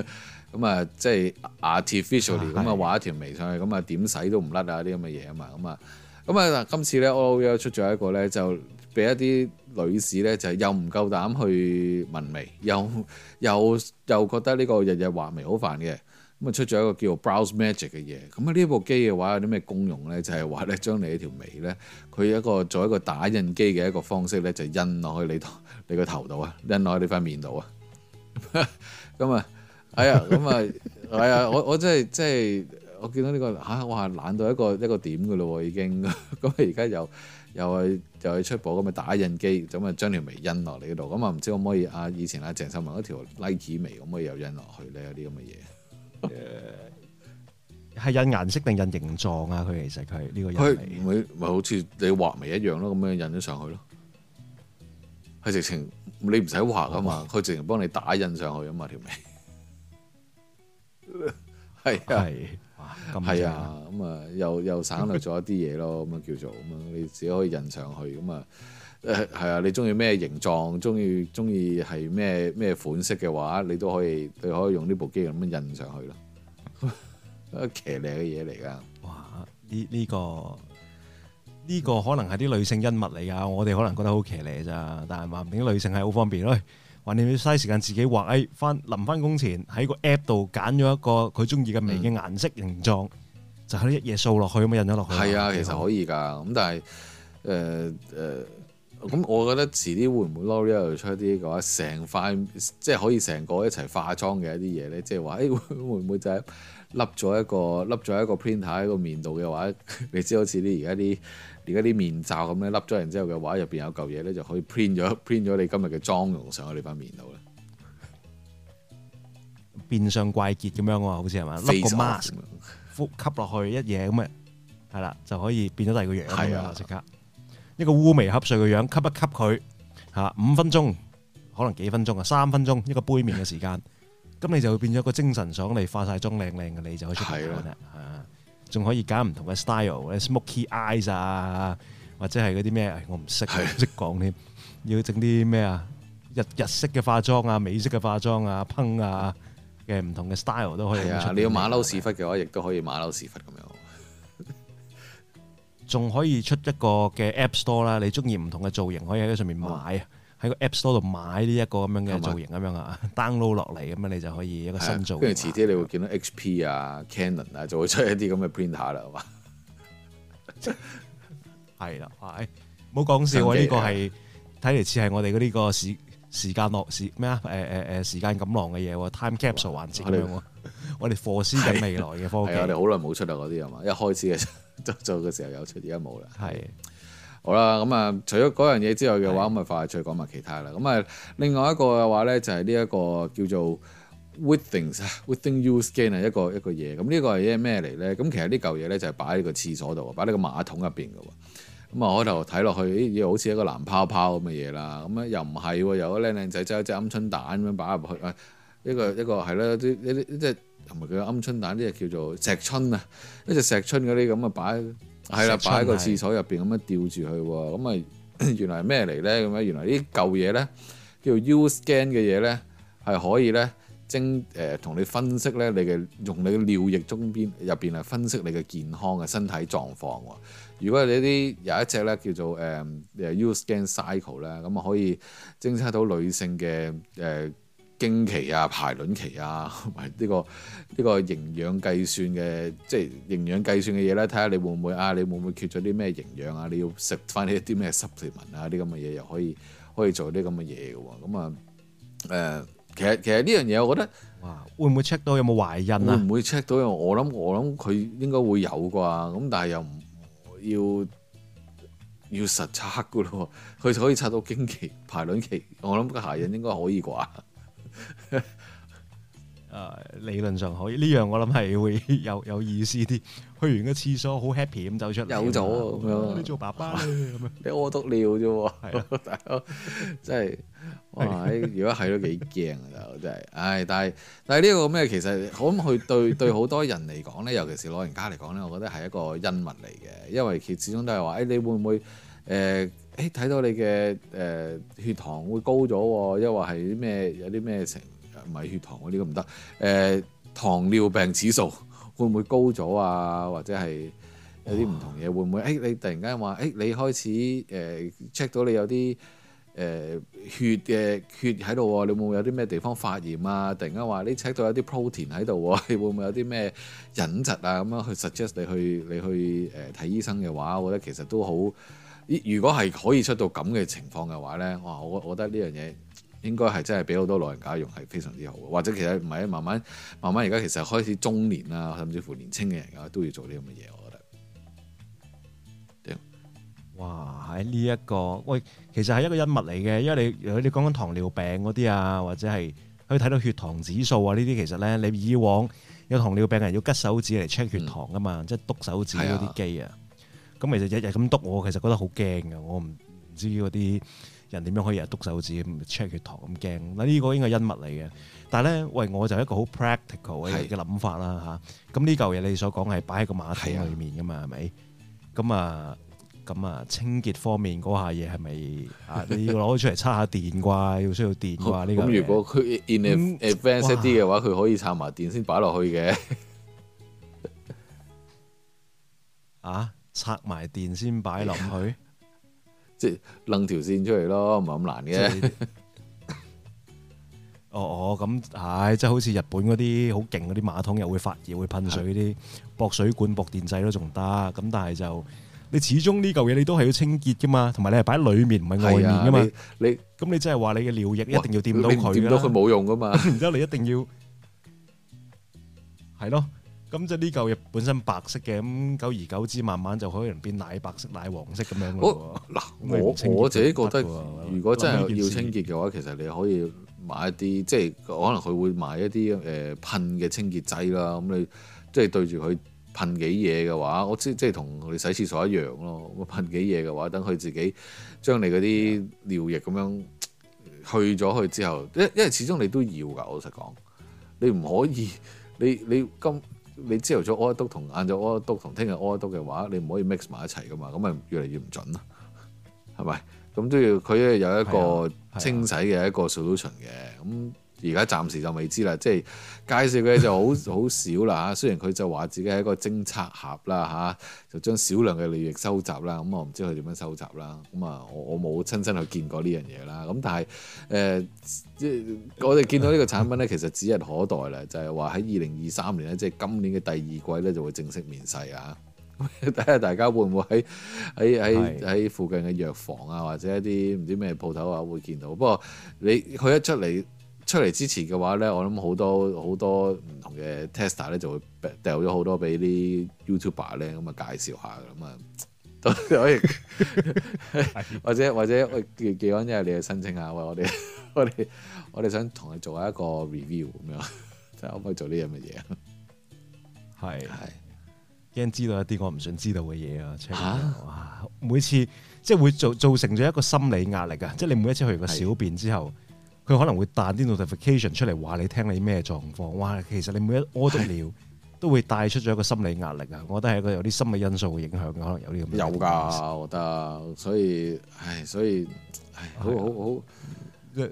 咁啊即係 artificially 咁啊畫一條眉上去，咁啊點洗都唔甩啊啲咁嘅嘢啊嘛，咁啊咁啊嗱，今次呢，o l 出咗一個呢，就俾一啲女士呢，就係、是、又唔夠膽去紋眉，又又又覺得呢個日日畫眉好煩嘅。咁啊，出咗一個叫 Browse Magic 嘅嘢。咁啊，呢部機嘅話有啲咩功用咧？就係話咧，將你條眉咧，佢一個做一個打印機嘅一個方式咧，就印落去你你個頭度啊，印落去你塊面度啊。咁 [LAUGHS] 啊，哎呀，咁、哎這個、啊，係啊，我我真係真係我見到呢個嚇，我係懶到一個一個點噶咯喎，已經咁。而 [LAUGHS] 家又又去又去出部咁嘅打印機，咁啊將條眉印落嚟度。咁啊唔知可唔可以啊？以前阿、啊、鄭秀文嗰條 Nike 眉可唔可以又印落去咧？有啲咁嘅嘢。誒，係 [LAUGHS] 印顏色定印形狀啊？佢其實佢呢個印眉咪咪好似你畫眉一樣咯，咁樣印咗上去咯。佢直情你唔使畫噶嘛，佢、嗯啊、直情幫你打印上去嘛、嗯、啊嘛條眉。係 [LAUGHS] 啊係，哇，係啊咁啊，又又省略咗一啲嘢咯，咁啊 [LAUGHS] 叫做咁啊，樣你自己可以印上去咁啊。誒，係啊！你中意咩形狀，中意中意係咩咩款式嘅話，你都可以，你可以用呢部機咁樣印上去咯。騎呢嘅嘢嚟噶，哇！呢呢、呢個呢、呢個可能係啲女性恩物嚟噶！我哋可能覺得好騎呢咋，但係話唔定啲女性係好方便咯。話、哎、你唔要嘥時間自己畫，誒、哎，翻臨翻工前喺個 app 度揀咗一個佢中意嘅眉嘅顏色形狀、形狀、嗯，就喺呢一夜掃落去咁印咗落去。係啊，的好其實可以噶咁，但係誒誒。呃呃呃咁、嗯、我覺得遲啲會唔會攞呢度出一啲嘅、就是哎、話，成塊即係可以成個一齊化妝嘅一啲嘢咧，即係話誒會唔會就係笠咗一個笠咗一個 print 喺個面度嘅話，你知好似你而家啲而家啲面罩咁咧，笠咗完之後嘅話，入邊有嚿嘢咧就可以 print 咗 print 咗你今日嘅妝容上去。你塊面度咧，變相怪傑咁樣啊？好似係咪？凹 Face mask 個 mask，吸落去一嘢咁嘅，係啦，就可以變咗第二個樣啦，的即刻。一個烏眉瞌睡嘅樣，吸一吸佢，吓五分鐘，可能幾分鐘啊，三分鐘一個杯麵嘅時間，咁你就會變咗個精神爽利、化晒妝靚靚嘅你就可以出嚟啦。啊，仲可以揀唔同嘅 style，smoky eyes 啊，或者係嗰啲咩，我唔識唔識講添，要整啲咩啊？日日式嘅化妝啊，美式嘅化妝啊，烹啊嘅唔同嘅 style 都可以。係啊，你要馬騮屎忽嘅話，亦都可以馬騮屎忽咁樣。仲可以出一個嘅 App Store 啦，你中意唔同嘅造型可以喺上面買啊，喺個、嗯、App Store 度買呢一個咁樣嘅造型咁樣啊，download 落嚟咁樣你就可以一個新造。跟住遲啲你會見到 HP 啊、Canon 啊，就會出一啲咁嘅 printer 啦，係嘛？係、哎、啦，哇！唔好講笑啊，呢個係睇嚟似係我哋嗰啲個時時間落時咩啊？誒誒誒，時間錦囊嘅嘢喎，time capsule 環節我哋 foresight 未來嘅科技，我哋好耐冇出嚟嗰啲係嘛？一開始嘅。做做嘅時候有趣，而家冇啦。係。好啦，咁啊，除咗嗰樣嘢之外嘅話，咁啊快脆講埋其他啦。咁啊，另外一個嘅話咧，就係呢一個叫做 Withings w i t h i n g U-Scan 啊，一個一個嘢。咁呢個係咩嚟咧？咁其實呢嚿嘢咧就係擺喺個廁所度，擺喺個馬桶入邊嘅喎。咁啊，我開頭睇落去，咦，好似一個藍泡泡咁嘅嘢啦。咁啊，又唔係，有個靚靚仔揸隻鵪鶉蛋咁樣擺入去。啊，呢個呢個係啦，啲呢啲即係。同埋佢嘅鵪鶉蛋呢嘢叫做石春啊，一隻石春嗰啲咁啊擺，係啦，擺喺春個廁所入邊咁樣吊住佢喎，咁啊原嚟係咩嚟咧？咁樣原來呢啲舊嘢咧叫做 U-Scan 嘅嘢咧，係可以咧精誒同、呃、你分析咧你嘅用你嘅尿液中邊入邊嚟分析你嘅健康嘅身體狀況喎。如果你啲有一隻咧叫做誒、呃、U-Scan Cycle 咧，咁啊可以偵測到女性嘅誒。呃經期啊、排卵期啊，同埋呢個呢、這個營養計算嘅，即係營養計算嘅嘢咧，睇下你會唔會啊，你會唔會缺咗啲咩營養啊？你要食翻呢一啲咩 supplement 啊，啲咁嘅嘢又可以可以做啲咁嘅嘢嘅喎。咁啊誒，其實其實呢樣嘢，我覺得哇，會唔會 check 到有冇懷孕啊？會唔會 check 到？我諗我諗佢應該會有啩。咁但係又唔要要實測嘅咯。佢就可以測到經期、排卵期，我諗個懷孕應該可以啩。 [LAUGHS] [LAUGHS] 誒， [LAUGHS] 理論上可以呢樣，這個、我諗係會有有意思啲。去完個廁所好 happy 咁走出嚟，有咗了咁吧你做爸爸 [LAUGHS] 你屙督尿啫，係咯大佬是、啊， [LAUGHS] 真係哇！如果係都幾驚啊，是的 [LAUGHS] 真係。唉，但係但係呢個咩？其實我諗佢對對好多人嚟講呢，尤其是老人家嚟講呢，我覺得係一個恩物嚟嘅，因為佢始終都係話，誒、欸，你會唔會誒？呃誒睇到你嘅誒、呃、血糖會高咗，抑或係啲咩有啲咩成唔係血糖喎？呢、這個唔得。誒、呃、糖尿病指數會唔會高咗啊？或者係有啲唔同嘢、哦、會唔會？誒、欸、你突然間話誒你開始誒 check、呃、到你有啲誒、呃、血嘅血喺度喎？你會唔會有啲咩地方發炎啊？突然間話你 check 到有啲 protein 喺度喎？你 [LAUGHS] 會唔會有啲咩隱疾啊？咁樣去 suggest 你去你去誒睇、呃、醫生嘅話，我覺得其實都好。如果係可以出到咁嘅情況嘅話咧，哇！我覺得呢樣嘢應該係真係俾好多老人家用係非常之好，或者其實唔係慢慢慢慢而家其實開始中年啦，甚至乎年青嘅人啊都要做呢咁嘅嘢，我覺得。屌！哇！喺呢一個喂，其實係一個恩物嚟嘅，因為你你講緊糖尿病嗰啲啊，或者係可以睇到血糖指數啊呢啲，其實咧你以往有糖尿病嘅人要吉手指嚟 check 血糖啊嘛，嗯、即係篤手指嗰啲機啊。咁其實日日咁督我，其實覺得好驚㗎。我唔唔知嗰啲人點樣可以日日督手指 check 血糖咁驚。嗱，呢個應該係恩物嚟嘅。但係咧，喂，我就係一個好 practical 嘅諗法啦嚇。咁呢嚿嘢你所講係擺喺個馬桶裏面㗎嘛係咪？咁啊咁啊，清潔方面嗰下嘢係咪啊？你要攞出嚟叉下電啩？要需要電啩？呢個咁如果佢 in advance 啲嘅話，佢可以插埋電先擺落去嘅。啊？拆埋電先擺落去，即係拎條線出嚟咯，唔係咁難嘅。哦哦，咁唉，即係好似日本嗰啲好勁嗰啲馬桶又會發熱會噴水嗰啲，駁水管駁電掣都仲得。咁但係就你始終呢嚿嘢你都係要清潔噶嘛，同埋你係擺喺裏面唔係外面噶嘛。你咁你即係話你嘅尿液一定要掂到佢，掂到佢冇用噶嘛。然之後你一定要係咯。咁即係呢嚿嘢本身白色嘅，咁久而久之，慢慢就可能變奶白色、奶黃色咁樣嗱，我我，我自己覺得，如果真係要清潔嘅話，其實你可以買一啲，即係可能佢會買一啲誒噴嘅清潔劑啦。咁你即係對住佢噴幾嘢嘅話，我即即係同你洗廁所一樣咯。咁噴幾嘢嘅話，等佢自己將你嗰啲尿液咁樣去咗去之後，因因為始終你都要㗎，我實講，你唔可以你你咁。你你朝頭早屙一督，同晏晝屙一督，同聽日屙一督嘅話，你唔可以 mix 埋一齊噶嘛，咁咪越嚟越唔準咯，係咪？咁都要佢有一個清洗嘅一個 solution 嘅咁。而家暫時就未知啦，即係介紹嘅就好好少啦嚇。雖然佢就話自己係一個偵測盒啦嚇，就將少量嘅尿液收集啦，咁、嗯、我唔知佢點樣收集啦。咁啊，我我冇親身去見過呢樣嘢啦。咁、啊、但係誒、呃，我哋見到呢個產品咧，其實指日可待啦，就係話喺二零二三年咧，即、就、係、是、今年嘅第二季咧就會正式面世啊！睇下大家會唔會喺喺喺喺附近嘅藥房啊，或者一啲唔知咩鋪頭啊會見到。不過你佢一出嚟。出嚟之前嘅話咧，我諗好多好多唔同嘅 tester 咧就會掉咗好多俾啲 YouTuber 咧咁啊介紹下咁啊， [LAUGHS] 都可以 [LAUGHS] 或者 [LAUGHS] 或者我記記緊，即 [LAUGHS] 你嘅申請下，喂我哋我哋我哋想同你做一個 review 咁樣，即係可唔可以做呢樣嘅嘢？係係驚知道一啲我唔想知道嘅嘢啊！吓蛤，每次即係會造造成咗一個心理壓力啊！嗯、即係你每一次去完個小便之後。佢可能會彈啲 notification 出嚟話你聽你咩狀況，哇！其實你每一屙督尿都會帶出咗一個心理壓力啊，我覺得係一個有啲心理因素會影響，可能有啲咁。有㗎，我覺得，所以，唉，所以，唉，好好的好，好好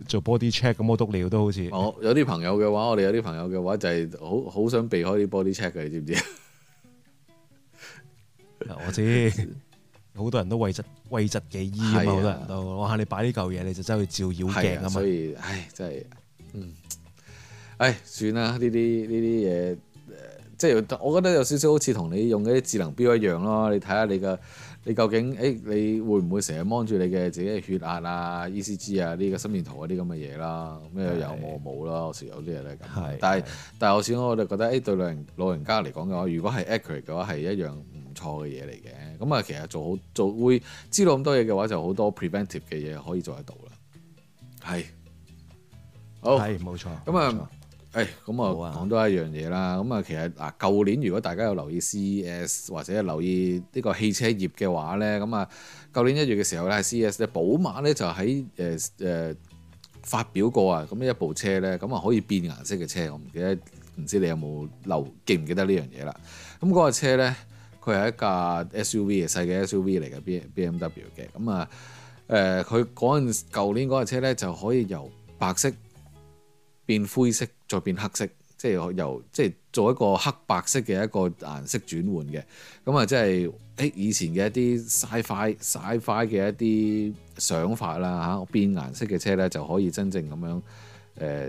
做 body check 咁屙督尿都好似，我有啲朋友嘅話，我哋有啲朋友嘅話就係好好想避開啲 body check 嘅，你知唔知？ [LAUGHS] 我知。好多人都為質為質嘅醫好多人都，哇、啊！我你擺呢嚿嘢，你就真去照妖鏡啊，所以，唉，真係，嗯，唉，算啦，呢啲呢啲嘢，誒、呃，即係我覺得有少少好似同你用嗰啲智能錶一樣咯。你睇下你嘅，你究竟，誒，你會唔會成日望住你嘅自己嘅血壓啊、ECG 啊、呢個心電圖嗰啲咁嘅嘢啦？咩有我冇啦？有時有啲嘢咧咁。但係但係我始終我哋覺得，誒，對老人老人家嚟講嘅話，如果係 accurate 嘅話，係一樣唔錯嘅嘢嚟嘅。咁啊、嗯，其實做好做會知道咁多嘢嘅話，就好多 preventive 嘅嘢可以做得到啦。係，好係冇錯。咁啊，誒，咁啊，講多一樣嘢啦。咁啊，其實嗱，舊年如果大家有留意 CES 或者留意呢個汽車業嘅話咧，咁啊，舊年一月嘅時候咧，CES 咧，ES, 寶馬咧就喺誒誒發表過啊，咁一部車咧，咁啊可以變顏色嘅車，我唔記,記,記得，唔知你有冇留記唔記得呢樣嘢啦。咁嗰個車咧。佢係一架 SUV 嘅細嘅 SUV 嚟嘅 B B M W 嘅，咁啊誒，佢嗰陣舊年嗰架車咧，就可以由白色變灰色再變黑色，即係由即係做一個黑白色嘅一個顏色轉換嘅，咁啊，即係誒以前嘅一啲 sci-fi sci-fi 嘅一啲想法啦嚇、啊，變顏色嘅車咧就可以真正咁樣誒、呃、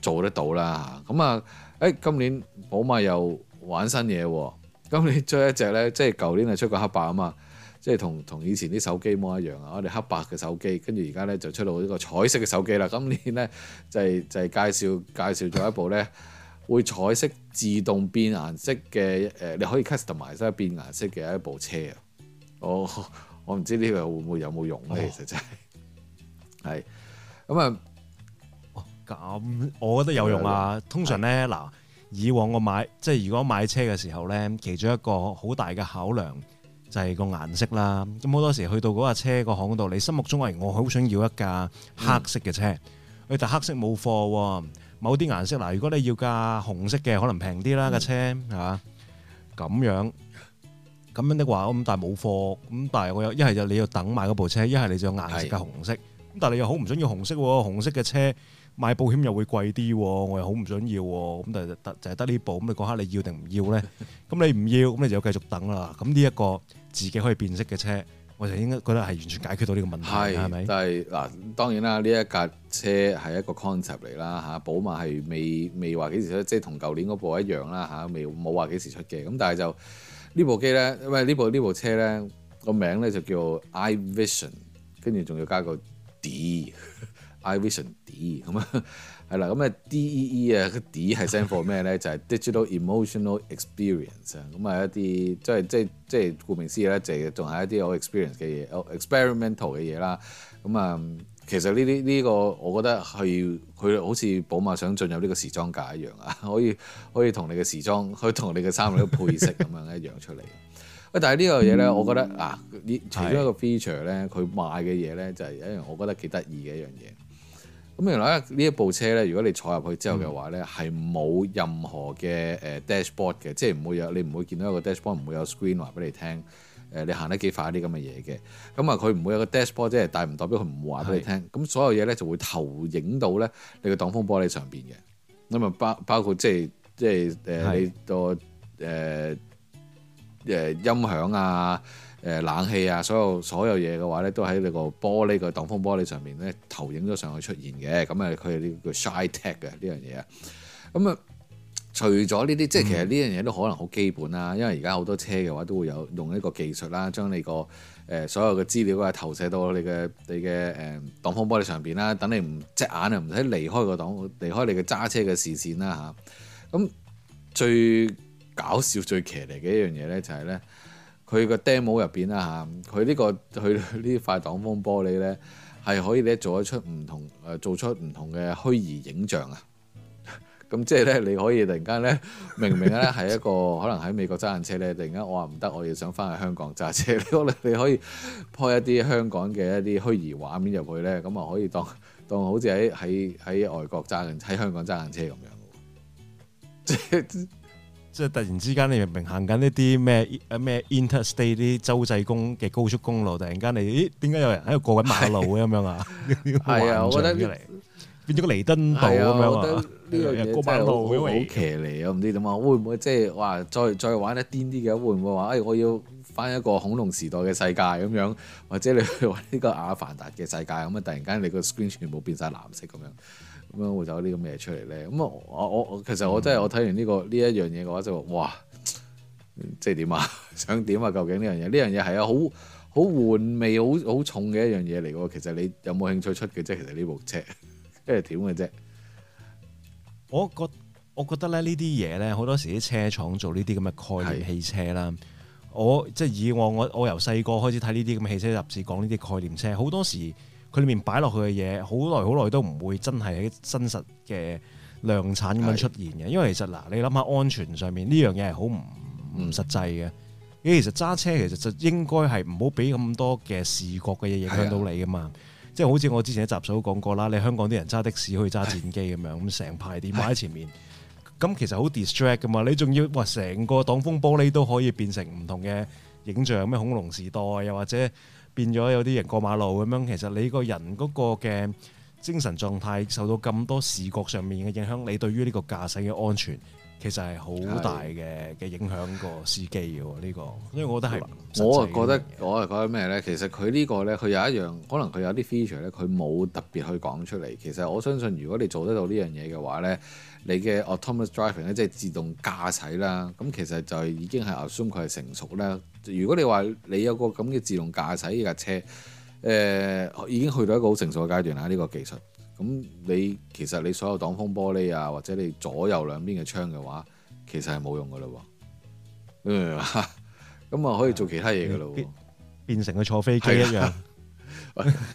做得到啦嚇，咁啊誒、欸、今年寶馬又玩新嘢喎、啊。咁你出一隻呢，即係舊年係出個黑白啊嘛，即係同同以前啲手機一模一樣啊，我哋黑白嘅手機，跟住而家呢就出到一個彩色嘅手機啦。今年呢，就係、是、就係、是、介紹介紹咗一部呢會彩色自動變顏色嘅誒、呃，你可以 customize 變顏色嘅一部車啊、哦。我我唔知呢個會唔會有冇用呢？哦、其實真係係咁啊。咁我覺得有用啊。通常呢，嗱。以往我買即係如果買車嘅時候呢，其中一個好大嘅考量就係個顏色啦。咁好多時去到嗰架車個行度，你心目中誒，我好想要一架黑色嘅車，嗯、但黑色冇貨。某啲顏色嗱，如果你要架紅色嘅，可能平啲啦架車，係咁、嗯、樣咁樣你話咁，但係冇貨。咁但係我有一係就你要等買嗰部車，一係你就有顏色嘅紅色。咁是但係你又好唔想要紅色，紅色嘅車。買保險又會貴啲，我又好唔想要喎。咁但係就係得呢部，咁你嗰刻你要定唔要咧？咁 [LAUGHS] 你唔要，咁你就要繼續等啦。咁呢一個自己可以辨識嘅車，我就應該覺得係完全解決到呢個問題，係咪是？吧但係嗱，當然啦，呢一架車係一個 concept 嚟啦，吓，寶馬係未未話幾時出，即係同舊年嗰部一樣啦，吓，未冇話幾時出嘅。咁但係就呢部機咧，因為呢部呢部車咧，個名咧就叫 I Vision，跟住仲要加個 D。iVision Dee 咁 [LAUGHS] 啊，係啦，咁啊，D E E 啊，個 D 係 send for 咩咧？就係 Digital Emotional Experience 啊。咁啊，一啲即係即係即係顧名思義咧，就係仲係一啲好 experience 嘅嘢，experimental 嘅嘢啦。咁啊，其實呢啲呢個，我覺得係佢好似寶馬想進入呢個時裝界一樣啊。可以可以同你嘅時裝可以同你嘅衫嗰啲配飾咁樣一樣出嚟。但係呢樣嘢咧，我覺得嗱，其中一個 feature 咧，佢賣嘅嘢咧，就係一樣，我覺得幾得意嘅一樣嘢。咁原來咧呢一部車咧，如果你坐入去之後嘅話咧，係冇、嗯、任何嘅誒 dashboard 嘅，即係唔會有你唔會見到一個 dashboard，唔會有 screen 話俾你聽誒、呃，你行得幾快啲咁嘅嘢嘅。咁、嗯、啊，佢唔會有個 dashboard，即係但唔代表佢唔會話俾你聽。咁是所有嘢咧就會投影到咧你嘅擋風玻璃上邊嘅。咁啊，包包括即係即係誒、呃嗯、你個誒誒音響啊。誒冷氣啊，所有所有嘢嘅話咧，都喺你個玻璃嘅擋風玻璃上面咧，投影咗上去出現嘅。咁啊、呢個，佢呢個 shy tech 嘅呢樣嘢啊。咁啊，除咗呢啲，嗯、即係其實呢樣嘢都可能好基本啦。因為而家好多車嘅話都會有用呢個技術啦，將你個誒、呃、所有嘅資料啊投射到你嘅你嘅誒擋風玻璃上邊啦。等你唔隻眼啊，唔使離開個擋，離開你嘅揸車嘅視線啦嚇。咁最搞笑最騎呢嘅一樣嘢咧，就係、係、咧。佢 dem、這個 demo 入邊啦嚇，佢呢個佢呢塊擋風玻璃呢，係可以咧做一出唔同誒，做出唔同嘅虛擬影像啊！咁即係咧，你可以突然間呢，明明咧係一個 [LAUGHS] 可能喺美國揸緊車呢，突然間我話唔得，我要想翻去香港揸車，因 [LAUGHS] 為你可以 po 一啲香港嘅一啲虛擬畫面入去呢，咁啊可以當當好似喺喺喺外國揸緊喺香港揸緊車咁樣。 [LAUGHS] 即係突然之間，你明明行緊呢啲咩咩 interstate 啲州際公嘅高速公路，突然間你咦點解有人喺度過緊馬路咁樣啊？係啊，我覺得變咗個彌敦道咁樣啊！呢樣嘢真係好騎呢，唔知點啊？會唔會即係話再再玩得癲啲嘅？會唔會話誒我要翻一個恐龍時代嘅世界咁樣，或者你去玩呢個阿凡達嘅世界咁啊？突然間你個 screen 全部變晒藍色咁樣。咁樣會走啲咁嘢出嚟咧，咁啊我我其實我真係我睇完呢個呢一樣嘢嘅話就話哇，即係點啊？想點啊？究竟呢樣嘢呢樣嘢係啊好好玩味好好重嘅一樣嘢嚟嘅喎。其實你有冇興趣出嘅啫？其實呢部車即係點嘅啫？我覺我覺得咧呢啲嘢咧，好多時啲車廠做呢啲咁嘅概念汽車啦是的，我即係以往我我由細個開始睇呢啲咁嘅汽車雜誌講呢啲概念車，好多時。佢裏面擺落去嘅嘢，好耐好耐都唔會真係喺真實嘅量產咁樣出現嘅，是的 因為其實嗱，你諗下安全上面呢樣嘢係好唔唔實際嘅。因為，其實揸車其實就應該係唔好俾咁多嘅視覺嘅嘢影響到你噶嘛。是的 即係好似我之前喺集數都講過啦，你香港啲人揸的士去揸戰機咁樣，咁成是的 排碟擺喺前面，咁是的 其實好 distract 噶嘛。你仲要哇成個擋風玻璃都可以變成唔同嘅影像，咩恐龍時代又或者？變咗有啲人過馬路，噉樣其實你個人嗰個嘅精神狀態受到咁多視覺上面嘅影響，你對於呢個駕駛嘅安全。其實係好大嘅嘅影響個司機喎，呢個，因為我覺得係，我係覺得我係覺得咩呢？其實佢呢個呢，佢有一樣，可能佢有啲 feature 呢，佢冇特別去講出嚟。其實我相信，如果你做得到呢樣嘢嘅話呢，你嘅 autonomous driving 呢，即係自動駕駛啦。咁其實就已經係 assume 佢係成熟啦。如果你話你有個咁嘅自動駕駛呢架車，誒已經去到一個好成熟嘅階段啦，呢個技術。咁你其實你所有擋風玻璃啊，或者你左右兩邊嘅窗嘅話，其實係冇用噶啦，明唔明啊？咁啊 [LAUGHS] 可以做其他嘢噶咯，變成個坐飛機一樣，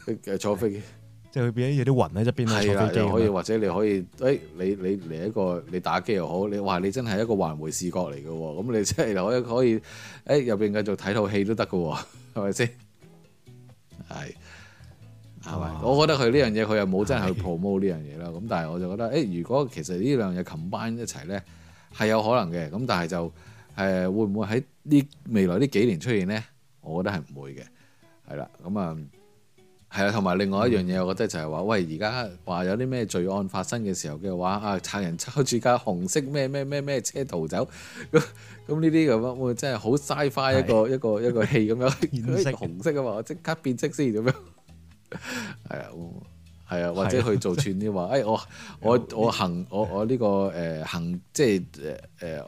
是的 [LAUGHS] 坐飛機機，即係變咗有啲雲喺一邊啦。坐飛機可以或者你可以，誒、哎、你你嚟一個你打機又好，你話你真係一個環迴視覺嚟噶，咁你真係可以可以誒入邊繼續睇套戲都得噶，係咪先？係。 [LAUGHS] 係、哦、我覺得佢呢樣嘢佢又冇真係去 promote 呢樣嘢啦。咁是但係我就覺得，誒、欸，如果其實呢兩樣嘢 combine 一齊呢，係有可能嘅。咁但係就誒、欸，會唔會喺呢未來呢幾年出現呢？我覺得係唔會嘅。係啦，咁啊，係、嗯、啊，同埋另外一樣嘢，我覺得就係話，嗯、喂，而家話有啲咩罪案發生嘅時候嘅話，啊，賊人揸住架紅色咩咩咩咩車逃走，咁呢啲咁啊，真係好嘥花一個的一個，一個，一，個一個戲咁樣 [LAUGHS] 變色紅色啊嘛，即刻變色先咁樣。係啊，係啊，或者去做串啲話，誒、 [LAUGHS] 哎，我我我行，我我呢、這個誒、呃、行，即係誒誒，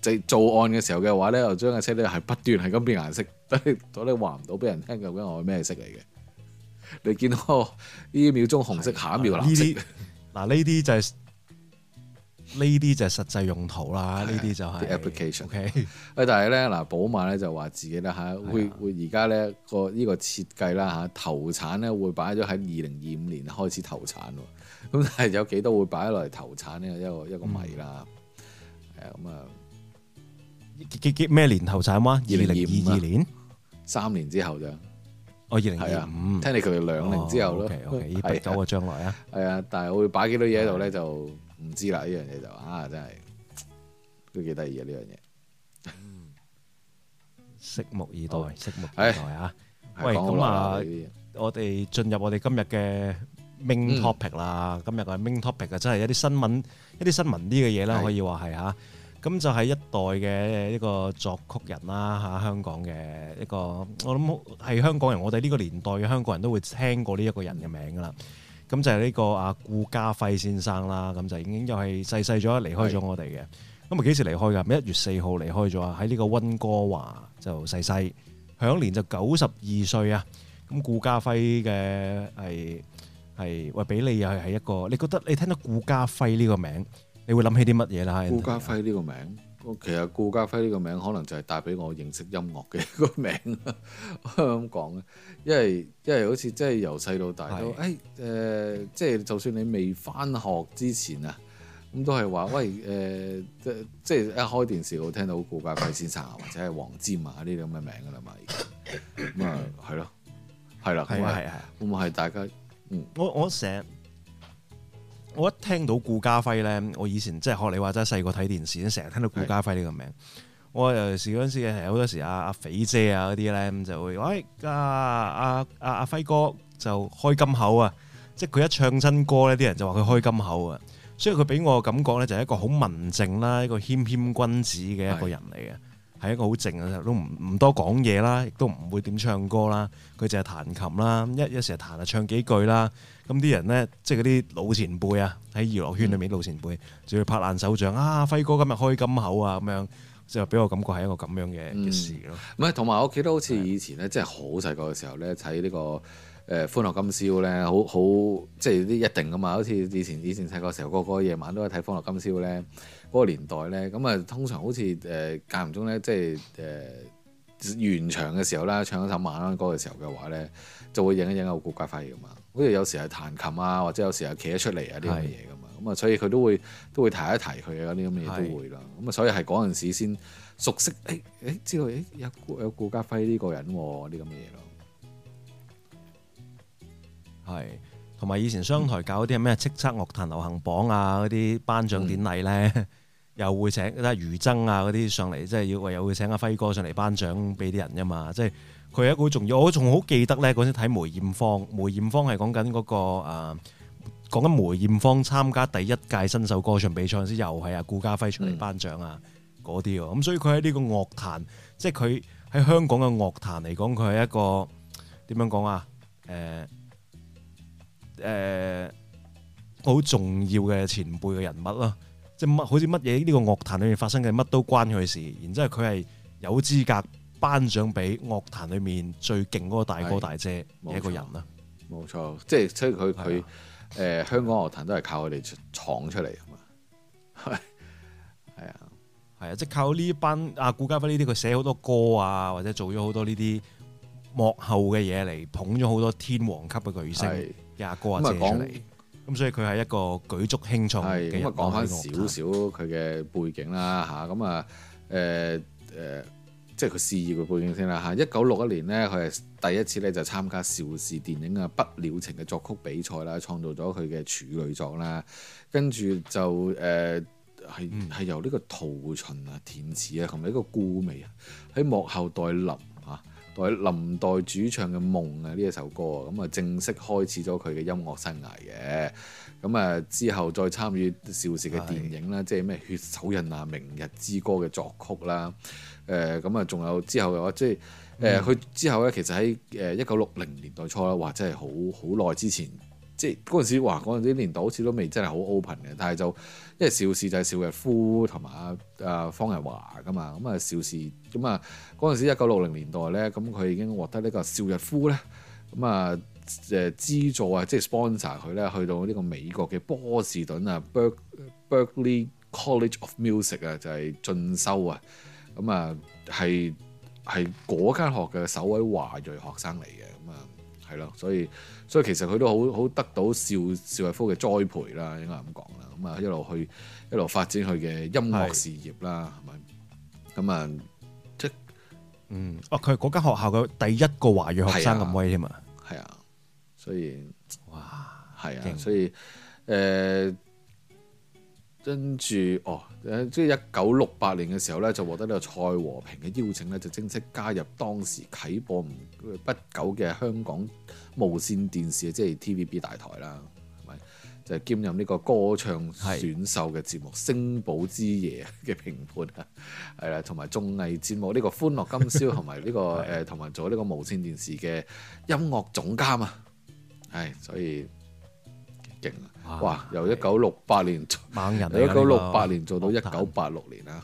就、呃、做案嘅時候嘅話咧，又將架車咧係不斷係咁變顏色，但 [LAUGHS] 係我話唔到俾人聽究竟我係咩色嚟嘅，你見到呢秒鐘紅色、啊、下一秒藍色，嗱呢啲就係、是。呢啲就係實際用途啦，呢啲就係 application。OK，誒，但係咧嗱，寶馬咧就話自己咧嚇，會會而家咧個呢個設計啦嚇，投產咧會擺咗喺二零二五年開始投產喎。咁但係有幾多會擺落嚟投產呢？一個一個米啦。係咁啊，幾幾咩年投產啊？二零二二年，三年之後啫。哦，二零二五，聽你講兩年之後咯。OK，OK，依不久將來啊。係啊，但係我會擺幾多嘢喺度咧就。唔知啦，呢樣嘢就啊，真係都幾得意嘅呢樣嘢，嗯，拭目以待，拭目以待啊！喂，咁啊，我哋進入我哋今日嘅 main topic 啦。今日嘅 main topic 啊，真係一啲新聞，一啲新聞啲嘅嘢啦，可以話係吓。咁就係一代嘅一個作曲人啦，吓香港嘅一個，我諗係香港人，我哋呢個年代嘅香港人都會聽過呢一個人嘅名噶啦。咁就係呢個阿顧嘉煇先生啦，咁就已經又係逝世咗，離開咗我哋嘅。咁啊幾時離開噶？唔係一月四號離開咗啊！喺呢個溫哥華就逝世，享年就九十二歲啊。咁顧嘉煇嘅係係喂，俾你又係一個，你覺得你聽到顧嘉煇呢個名，你會諗起啲乜嘢啦？顧嘉煇呢個名？其實顧嘉煇呢個名可能就係帶俾我認識音樂嘅一個名， [LAUGHS] 我咁講咧，因為因為好似即係由細到大都，誒的，誒、欸，即、呃、係、就是、就算你未翻學之前啊，咁都係話喂，誒、呃，即、就、係、是、一開電視我聽到顧嘉煇先生啊，或者係黃霑嘛呢啲咁嘅名噶啦嘛，咁啊係咯，係啦， [LAUGHS] 係啊，係啊，會唔會係大家，的嗯，我我成日……我一聽到顧嘉煇咧，我以前即係學你話齋細個睇電視，成日聽到顧嘉煇呢個名。是我尤其是嗰陣時候，其實好多時阿阿肥姐啊嗰啲咧，咁就會，哎，阿阿阿阿輝哥就開金口啊！即係佢一唱新歌咧，啲人就話佢開金口啊。所以佢俾我感覺咧，就係一個好文靜啦，一個謙謙君子嘅一個人嚟嘅。係一個好靜嘅，都唔唔多講嘢啦，亦都唔會點唱歌啦。佢淨係彈琴啦，一一成日彈啊唱幾句啦。咁啲人咧，即係嗰啲老前輩啊，喺娛樂圈裏面老前輩，仲要、嗯、拍爛手掌啊！輝哥今日開金口啊，咁樣就俾我感覺係一個咁樣嘅嘅事咯。唔係、嗯，同埋我記得好似以前咧，的即係好細個嘅時候咧，睇呢個誒《歡樂今宵》咧，好好即係啲一定㗎嘛。好似以前以前細個時候，個個夜晚都係睇《歡樂今宵》咧。嗰個年代咧，咁啊通常好似誒間唔中咧，即係誒、呃、完場嘅時候啦，唱一首晚安歌嘅時候嘅話咧，就會影一影阿顧嘉煇噶嘛。好似有時係彈琴啊，或者有時係企得出嚟啊啲咁嘅嘢噶嘛。咁啊，所以佢都會都會提一提佢啊啲咁嘅嘢都會咯。咁啊是，所以係嗰陣時先熟悉，誒、哎、誒、哎、知道、哎、有有顧嘉煇呢個人喎啲咁嘅嘢咯。係，同埋以前商台搞啲咩叱吒樂壇流行榜啊嗰啲頒獎典禮咧、嗯。 [LAUGHS] 又會請咧餘啊嗰啲上嚟，即係要又會請阿、啊、輝哥上嚟頒獎俾啲人嘅嘛，即係佢係一個好重要。我仲好記得咧，嗰陣睇梅艷芳，梅艷芳係講緊嗰個誒，講、啊、緊梅艷芳參加第一屆新秀歌唱比賽嗰時，又係阿顧嘉煇出嚟頒獎啊嗰啲喎。咁、嗯、所以佢喺呢個樂壇，即係佢喺香港嘅樂壇嚟講，佢係一個點樣講啊？誒、呃、誒，好、呃、重要嘅前輩嘅人物啦。即乜？好似乜嘢呢個樂壇裏面發生嘅，乜都關佢事。然之後佢係有資格頒獎俾樂壇裏面最勁嗰個大哥大姐嘅的一個人咯。冇錯，即係所以佢佢誒，香港樂壇都係靠佢哋闖出嚟啊嘛。係啊係啊，即係靠呢一班阿顧嘉煇呢啲，佢寫好多歌啊，或者做咗好多呢啲幕後嘅嘢嚟捧咗好多天王級嘅巨星、阿的哥啊，姐出嚟。咁所以佢係一個舉足輕重。係咁啊，講翻少少佢嘅背景啦嚇。咁啊、 [LAUGHS] 嗯，誒、嗯、誒，即係佢事業嘅背景先啦嚇。一九六一年咧，佢係第一次咧就參加邵氏電影啊《不了情》嘅作曲比賽啦，創造咗佢嘅處女作啦。跟住就誒係係由呢個陶秦啊填詞啊同埋呢個顧媚啊喺幕後代唱。代林代主唱嘅夢啊，呢一首歌，咁啊正式開始咗佢嘅音樂生涯嘅。咁啊之後再參與邵氏嘅電影啦，的即係咩血手印啊、明日之歌嘅作曲啦，誒咁啊仲有之後又即係誒佢之後咧其實喺誒一九六零年代初啦，哇真係好好耐之前，即係嗰陣時話嗰陣年代好似都未真係好 open 嘅，但係就。即係邵氏就係邵逸夫同埋阿阿方逸華噶嘛，咁啊邵氏咁啊陣時一九六零年代咧，咁佢已經獲得呢個邵逸夫咧，咁啊誒資助啊，即係 sponsor 佢咧，去到呢個美國嘅波士頓啊，Berke Berklee College of Music 啊，就係進修啊，咁啊係係間學嘅首位華裔學生嚟嘅，咁啊係咯，所以所以其實佢都好好得到邵邵逸夫嘅栽培啦，應該係咁講。咁啊，一路去，一路發展佢嘅音樂事業啦，係咪是？咁啊，即嗯，哦，佢係嗰間學校嘅第一個華裔學生咁威添嘛？係啊，這樣 啊，所以，哇，係啊，棒所以，誒、呃，跟住，哦，即係一九六八年嘅時候咧，就獲得呢個蔡和平嘅邀請咧，就正式加入當時啟播唔不久嘅香港無綫電視，即係 TVB 大台啦。就兼任呢個歌唱選秀嘅節目《星寶之夜》嘅評判啊，係啦，同埋綜藝節目呢個《歡樂今宵》，同埋呢個誒，同埋做呢個無線電視嘅音樂總監啊，係，所以勁啊！哇，由一九六八年，猛人嚟緊啦，一九六八年做到一九八六年啦，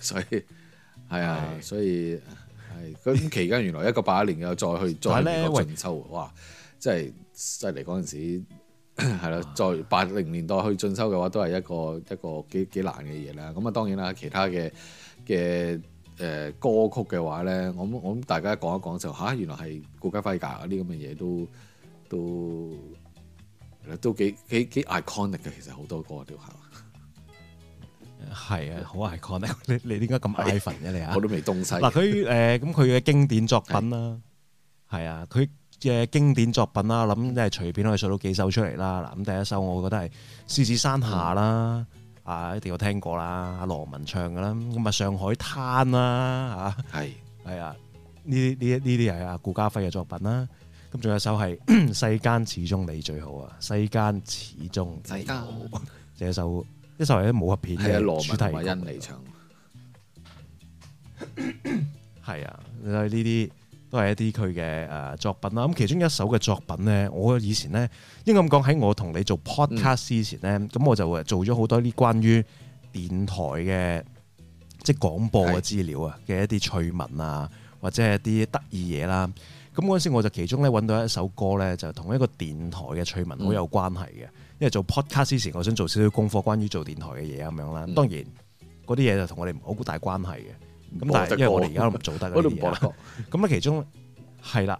所以係啊，所以係咁期間，原來一九八一年又再去再呢個進修，哇，真係～犀利嗰陣時，係 [LAUGHS] 啦，在八零年代去進修嘅話，都係一個一個幾幾難嘅嘢啦。咁啊，當然啦，其他嘅嘅誒歌曲嘅話咧，我我，我大家講一講就吓，原來係顧嘉煇噶嗰啲咁嘅嘢都都，都幾幾幾 iconic 嘅，其實好多歌都係。係啊，好 iconic！ [LAUGHS] 你你點解咁 icon 嘅你啊？ [LAUGHS] 我都未凍曬。嗱佢誒咁佢嘅經典作品啦，係啊，佢。嘅經典作品啦，諗，即係隨便可以數到幾首出嚟啦。嗱，咁第一首我覺得係《獅子山下》啦，嗯、啊一定有聽過啦，阿羅文唱噶啦。咁啊，《上海灘》啦，啊係係啊，呢呢呢啲係啊，顧嘉煇嘅作品啦。咁仲有一首係《世間始終你最好》啊，《世間始終》世間好，成日間 [LAUGHS] 首呢首係啲武俠片嘅主題曲，阿恩的文唱。係咳咳啊，呢啲。都係一啲佢嘅誒作品啦，咁其中一首嘅作品咧，我以前咧應該咁講喺我同你做 podcast 之前咧，咁、嗯、我就會做咗好多啲關於電台嘅即係廣播嘅資料啊嘅是一啲趣聞啊，或者係一啲得意嘢啦。咁嗰陣時我就其中咧揾到一首歌咧，就同一個電台嘅趣聞好有關係嘅，嗯、因為做 podcast 之前我想做少少功課，關於做電台嘅嘢咁樣啦。嗯、當然嗰啲嘢就同我哋好大關係嘅。咁但係因為我哋而家都唔做得 [LAUGHS] 我嘅嘢，咁啊 [LAUGHS] 其中係啦，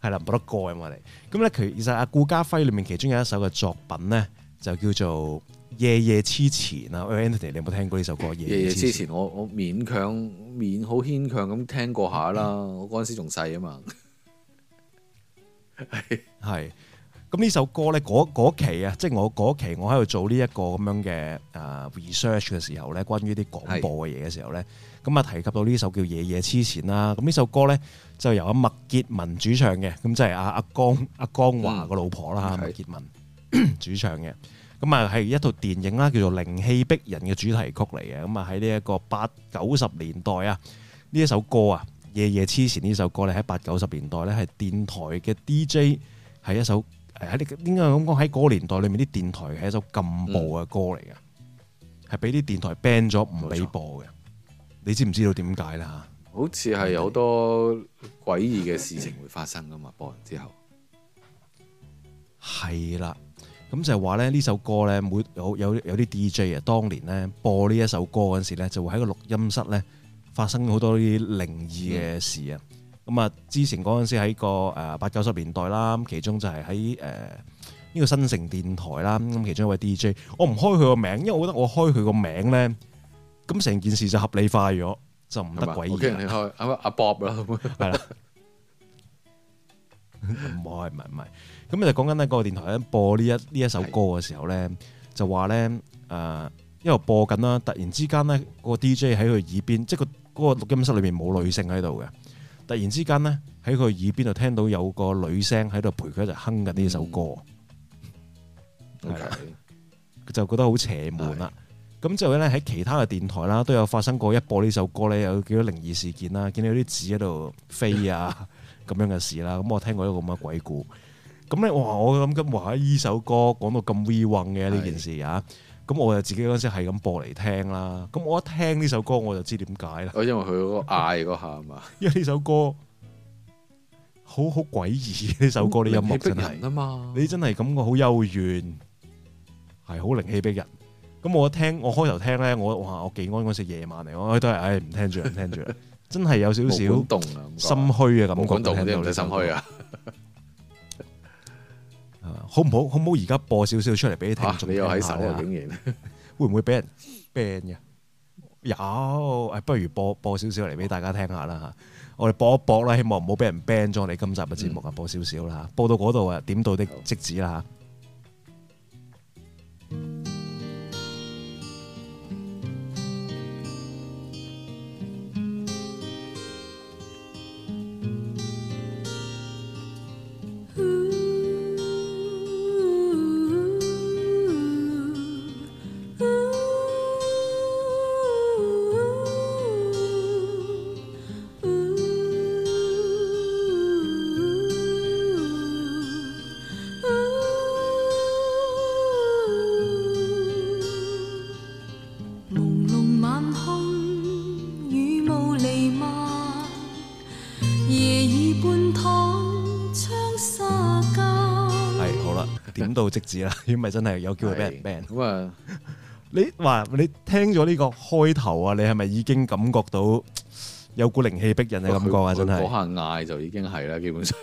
係啦冇得過咁我哋，咁咧其實阿顧嘉煇裏面其中有一首嘅作品咧，就叫做《夜夜痴纏》啊 Anthony 你有冇聽過呢首歌？夜夜痴纏，我我勉強、勉好、牽強咁聽過下啦，嗯、我嗰陣時仲細啊嘛，係。 [LAUGHS] [LAUGHS] [LAUGHS] 咁呢首歌咧，嗰嗰期啊，即係我嗰期我喺度做呢一個咁樣嘅啊 research 嘅時候咧，關於啲廣播嘅嘢嘅時候咧，咁啊提及到呢首叫夜夜痴纒啦。咁呢首歌咧就由阿麥潔文主唱嘅，咁即係阿阿江阿江華個老婆啦，麥潔文主唱嘅。咁啊係一套電影啦，叫做《靈氣逼人》嘅主題曲嚟嘅。咁啊喺呢一個八九十年代啊，呢一首歌啊，夜夜痴纒呢首歌咧喺八九十年代咧係電台嘅 DJ 係一首。喺你點解咁講？喺嗰個年代裏面，啲電台係一首禁播嘅歌嚟嘅，係俾啲電台 ban 咗，唔俾播嘅。你知唔知道點解咧？嚇，好似係好多詭異嘅事情會發生噶嘛？播完之後，係啦，咁就係話咧，呢首歌咧，每有有有啲 DJ 啊，當年咧播呢一首歌嗰陣時咧，就會喺個錄音室咧發生好多啲靈異嘅事啊！咁啊！之前嗰陣時喺個誒八九十年代啦，其中就係喺誒呢個新城電台啦，咁其中一位 DJ，我唔開佢個名，因為我覺得我開佢個名咧，咁成件事就合理化咗，就唔得鬼嘢。阿 Bob 啦，咁樣係啦，唔係唔係，咁就講緊呢個電台咧播呢一呢一首歌嘅時候咧，是就話咧誒，因為播緊啦，突然之間咧，個 DJ 喺佢耳邊，即係個嗰個錄音室裏面冇女性喺度嘅。突然之間咧，喺佢耳邊度聽到有個女聲喺度陪佢一齊哼緊呢首歌，就覺得好邪門啦。咁之後咧喺其他嘅電台啦，都有發生過一播呢首歌咧，有幾多靈異事件啦，見到啲紙喺度飛啊，咁樣嘅事啦。咁我聽過一個咁嘅鬼故，咁咧哇，我諗咁話呢首歌講到咁 we one 嘅呢件事啊。咁我就自己嗰陣時係咁播嚟聽啦，咁我一聽呢首歌我就知點解啦。哦，因為佢嗰個嗌嗰下嘛，因為呢首歌好好詭異，呢首歌啲音樂真係。你真係感覺好幽怨，係好靈氣逼人。咁我一聽我開頭聽咧，我話我幾安嗰時夜晚嚟，我佢都係唉唔聽住唔聽住，真係有少少凍啊，心虛嘅感覺聽到你心虛啊。好唔好？好唔好？而家播少少出嚟俾你聽仲聽喺手啊？竟然 [LAUGHS] 會唔會俾人 ban 嘅？有誒，不如播播少少嚟俾大家聽下啦吓。我哋播一播啦，希望唔好俾人 ban 咗你今集嘅節目啊。嗯、播少少啦吓，播到嗰度啊，點到的即止啦吓。到極致啦，咁咪真係有叫做俾人 ban。咁啊，你話你聽咗呢個開頭啊，你係咪已經感覺到有股靈氣逼人嘅感覺啊？真係嗰下嗌就已經係啦，基本上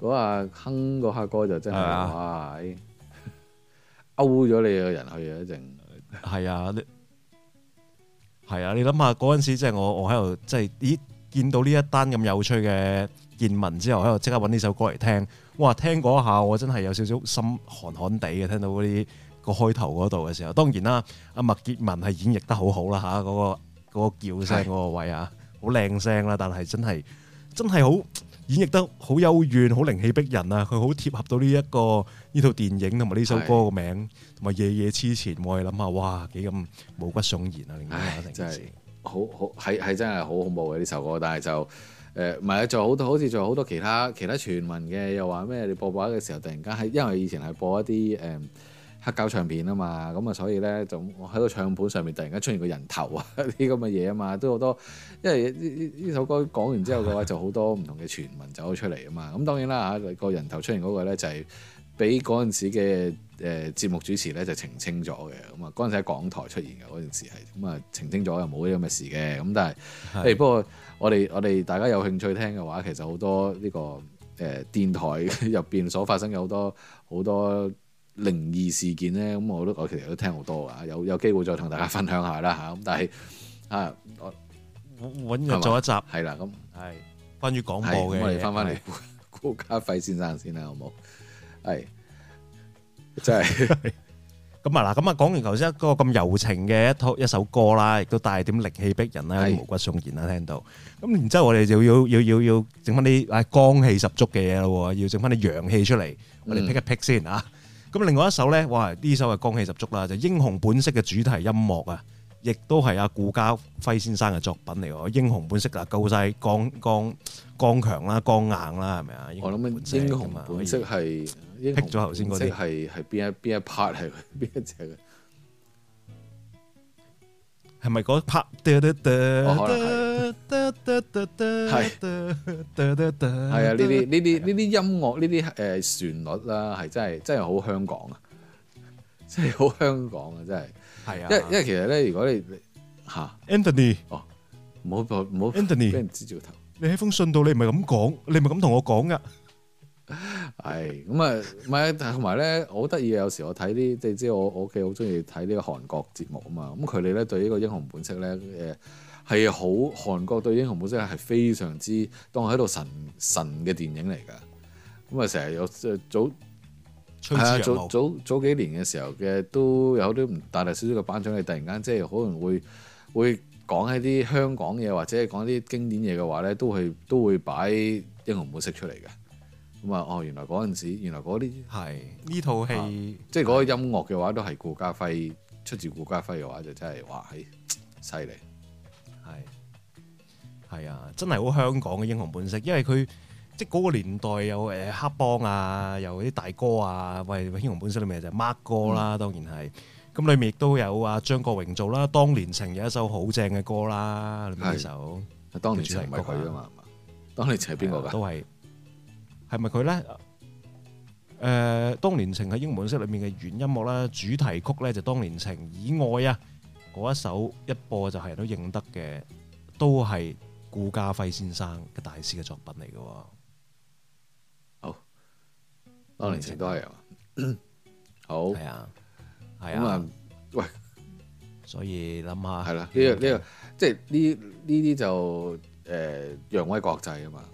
嗰下哼嗰下歌就真係哇，勾咗你個人去啊，一定係啊，係啊，你諗下嗰陣時，即係我我喺度，即係咦，見到呢一單咁有趣嘅見聞之後，喺度即刻搵呢首歌嚟聽。我話聽嗰下，我真係有少少心寒寒地嘅，聽到嗰啲、嗰個開頭嗰度嘅時候。當然啦，阿麥潔文係演繹得好好啦嚇，嗰、啊嗰個嗰個叫聲嗰個位啊，好靚是聲啦。但係真係真係好演繹得好幽怨、好靈氣逼人啊！佢好貼合到呢一個呢套電影同埋呢首歌嘅名，同埋是夜夜痴纏。我係諗下，哇，幾咁毛骨悚然啊！唉，真係好好係係真係好恐怖嘅呢首歌，但係就。誒，唔係啊，仲有好多，好似仲有好多其他其他傳聞嘅，又話咩？你播播嘅時候，突然間係因為以前係播一啲誒、呃、黑膠唱片啊嘛，咁、嗯、啊，所以咧就喺個唱片上面突然間出現個人頭啊啲咁嘅嘢啊嘛，都好多，因為呢呢首歌講完之後嘅話， [LAUGHS] 就好多唔同嘅傳聞走出嚟啊嘛。咁、嗯、當然啦嚇，個、啊、人頭出現嗰個咧就係俾嗰陣時嘅誒、呃、節目主持咧就澄清咗嘅，咁啊嗰陣時喺港台出現嘅嗰陣時係，咁、嗯、啊澄清咗又冇啲咁嘅事嘅，咁、嗯、但係不過。我哋我哋大家有興趣聽嘅話，其實好多呢、這個誒、呃、電台入邊所發生嘅好多好多靈異事件咧，咁我都我其實都聽好多噶，有有機會再同大家分享下啦嚇。咁但係啊，我揾日做一集係吧啦。咁係是關於廣播嘅，我哋翻翻嚟顧嘉煇先生先啦，好冇？係，真、就、係、是。 [LAUGHS] 咁啊嗱，咁啊講完頭先一個咁柔情嘅一套一首歌啦，亦都帶點力氣逼人啦，毛骨悚然啦，聽到。咁然之後我哋就要要要要整翻啲唉剛氣十足嘅嘢咯，要整翻啲陽氣出嚟，我哋 pick 一 pick 先啊。咁另外一首咧，哇！呢首係剛氣十足啦，就《英雄本色》嘅主題音樂啊，亦都係阿顧嘉煇先生嘅作品嚟喎，《英雄本色》嗱，夠晒剛剛剛強啦，剛硬啦，係咪啊？我諗《英雄本色》係。劈咗頭先嗰啲係係邊一邊一 part 嚟嘅，邊一隻嘅係咪嗰 part？係係啊，呢啲呢啲呢啲音樂呢啲誒旋律啦，係真係真係好香港啊！真係好香港啊！真係係啊！因為因為其實咧，如果你吓 Anthony 哦，唔好唔好 Anthony，你喺封信度你唔係咁講，你唔係咁同我講㗎。係咁啊，唔係，同埋咧，好得意啊！有時我睇啲，即係我我屋企好中意睇呢個韓國節目啊嘛。咁佢哋咧對呢個英雄本色咧，誒係好。韓國對英雄本色係非常之當喺度神神嘅電影嚟噶。咁啊，成日有即早係啊，早早早幾年嘅時候嘅都有啲唔大大小小嘅頒獎，你突然間即係可能會會講一啲香港嘢，或者係講一啲經典嘢嘅話咧，都係都會擺英雄本色出嚟嘅。咁啊哦！原來嗰陣時，原來嗰啲係呢套戲，即係嗰個音樂嘅話，都係顧嘉煇出自顧嘉煇嘅話，就真係話係犀利，係係啊，真係好香港嘅英雄本色，因為佢即係嗰個年代有誒黑幫啊，有啲大哥啊，喂，英雄本色裏面就係 Mark 哥啦，當然係，咁裏面亦都有阿張國榮做啦，當年情有一首好正嘅歌啦，裏面呢首，當年情唔係佢噶嘛，當年情係邊個噶？都係。係咪佢咧？誒、呃，當年情喺英文式裏面嘅原音樂啦，主題曲咧就當年情以外啊，嗰一首一播就係人都認得嘅，都係顧嘉煇先生嘅大師嘅作品嚟嘅。好，當年情都係嘛？好，係啊，係啊。咁啊喂，所以諗下係啦，呢、啊呢個呢、呢個、呢個、即係呢呢啲就誒揚、呃、威國際啊嘛。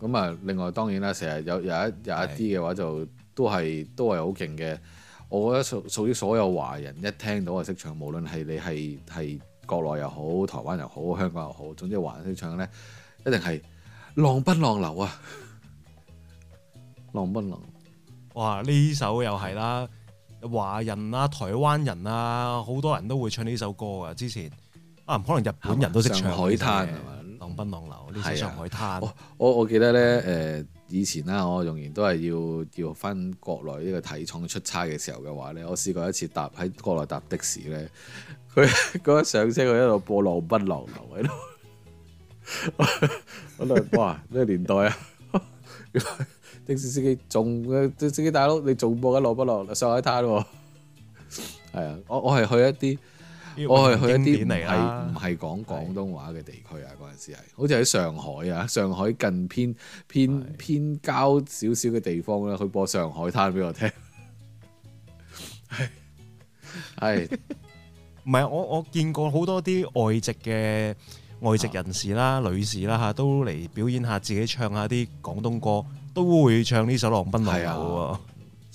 咁啊！另外當然啦，成日有有一有一啲嘅話就都係都係好勁嘅。我覺得屬屬於所有華人一聽到就識唱，無論係你係係國內又好、台灣又好、香港又好，總之華人識唱呢，一定係浪奔浪流啊！浪奔浪哇！呢首又係啦，華人啊，台灣人啊，好多人都會唱呢首歌啊。之前啊，可能日本人都識唱《上海灘》浪奔浪流，呢啲上海灘。啊、我我記得咧，誒、呃、以前咧，我用完都係要要翻國內呢個體重。出差嘅時候嘅話咧，我試過一次搭喺國內搭的士咧，佢嗰日上車佢一路播浪奔浪流喺度，我都 [LAUGHS] [LAUGHS] 哇咩年代啊！的 [LAUGHS] 士司機仲的士司機大佬，你仲播緊浪奔浪上海灘喎、啊？係 [LAUGHS] 啊，我我係去一啲。我係去一啲係唔係講廣東話嘅地區啊！嗰陣時係，好似喺上海啊，上海近偏偏偏郊少少嘅地方咧，佢播《上海灘》俾我聽。係唔係我我見過好多啲外籍嘅外籍人士啦、女士啦嚇，都嚟表演下自己唱一下啲廣東歌，都會唱呢首《浪奔浪流》啊。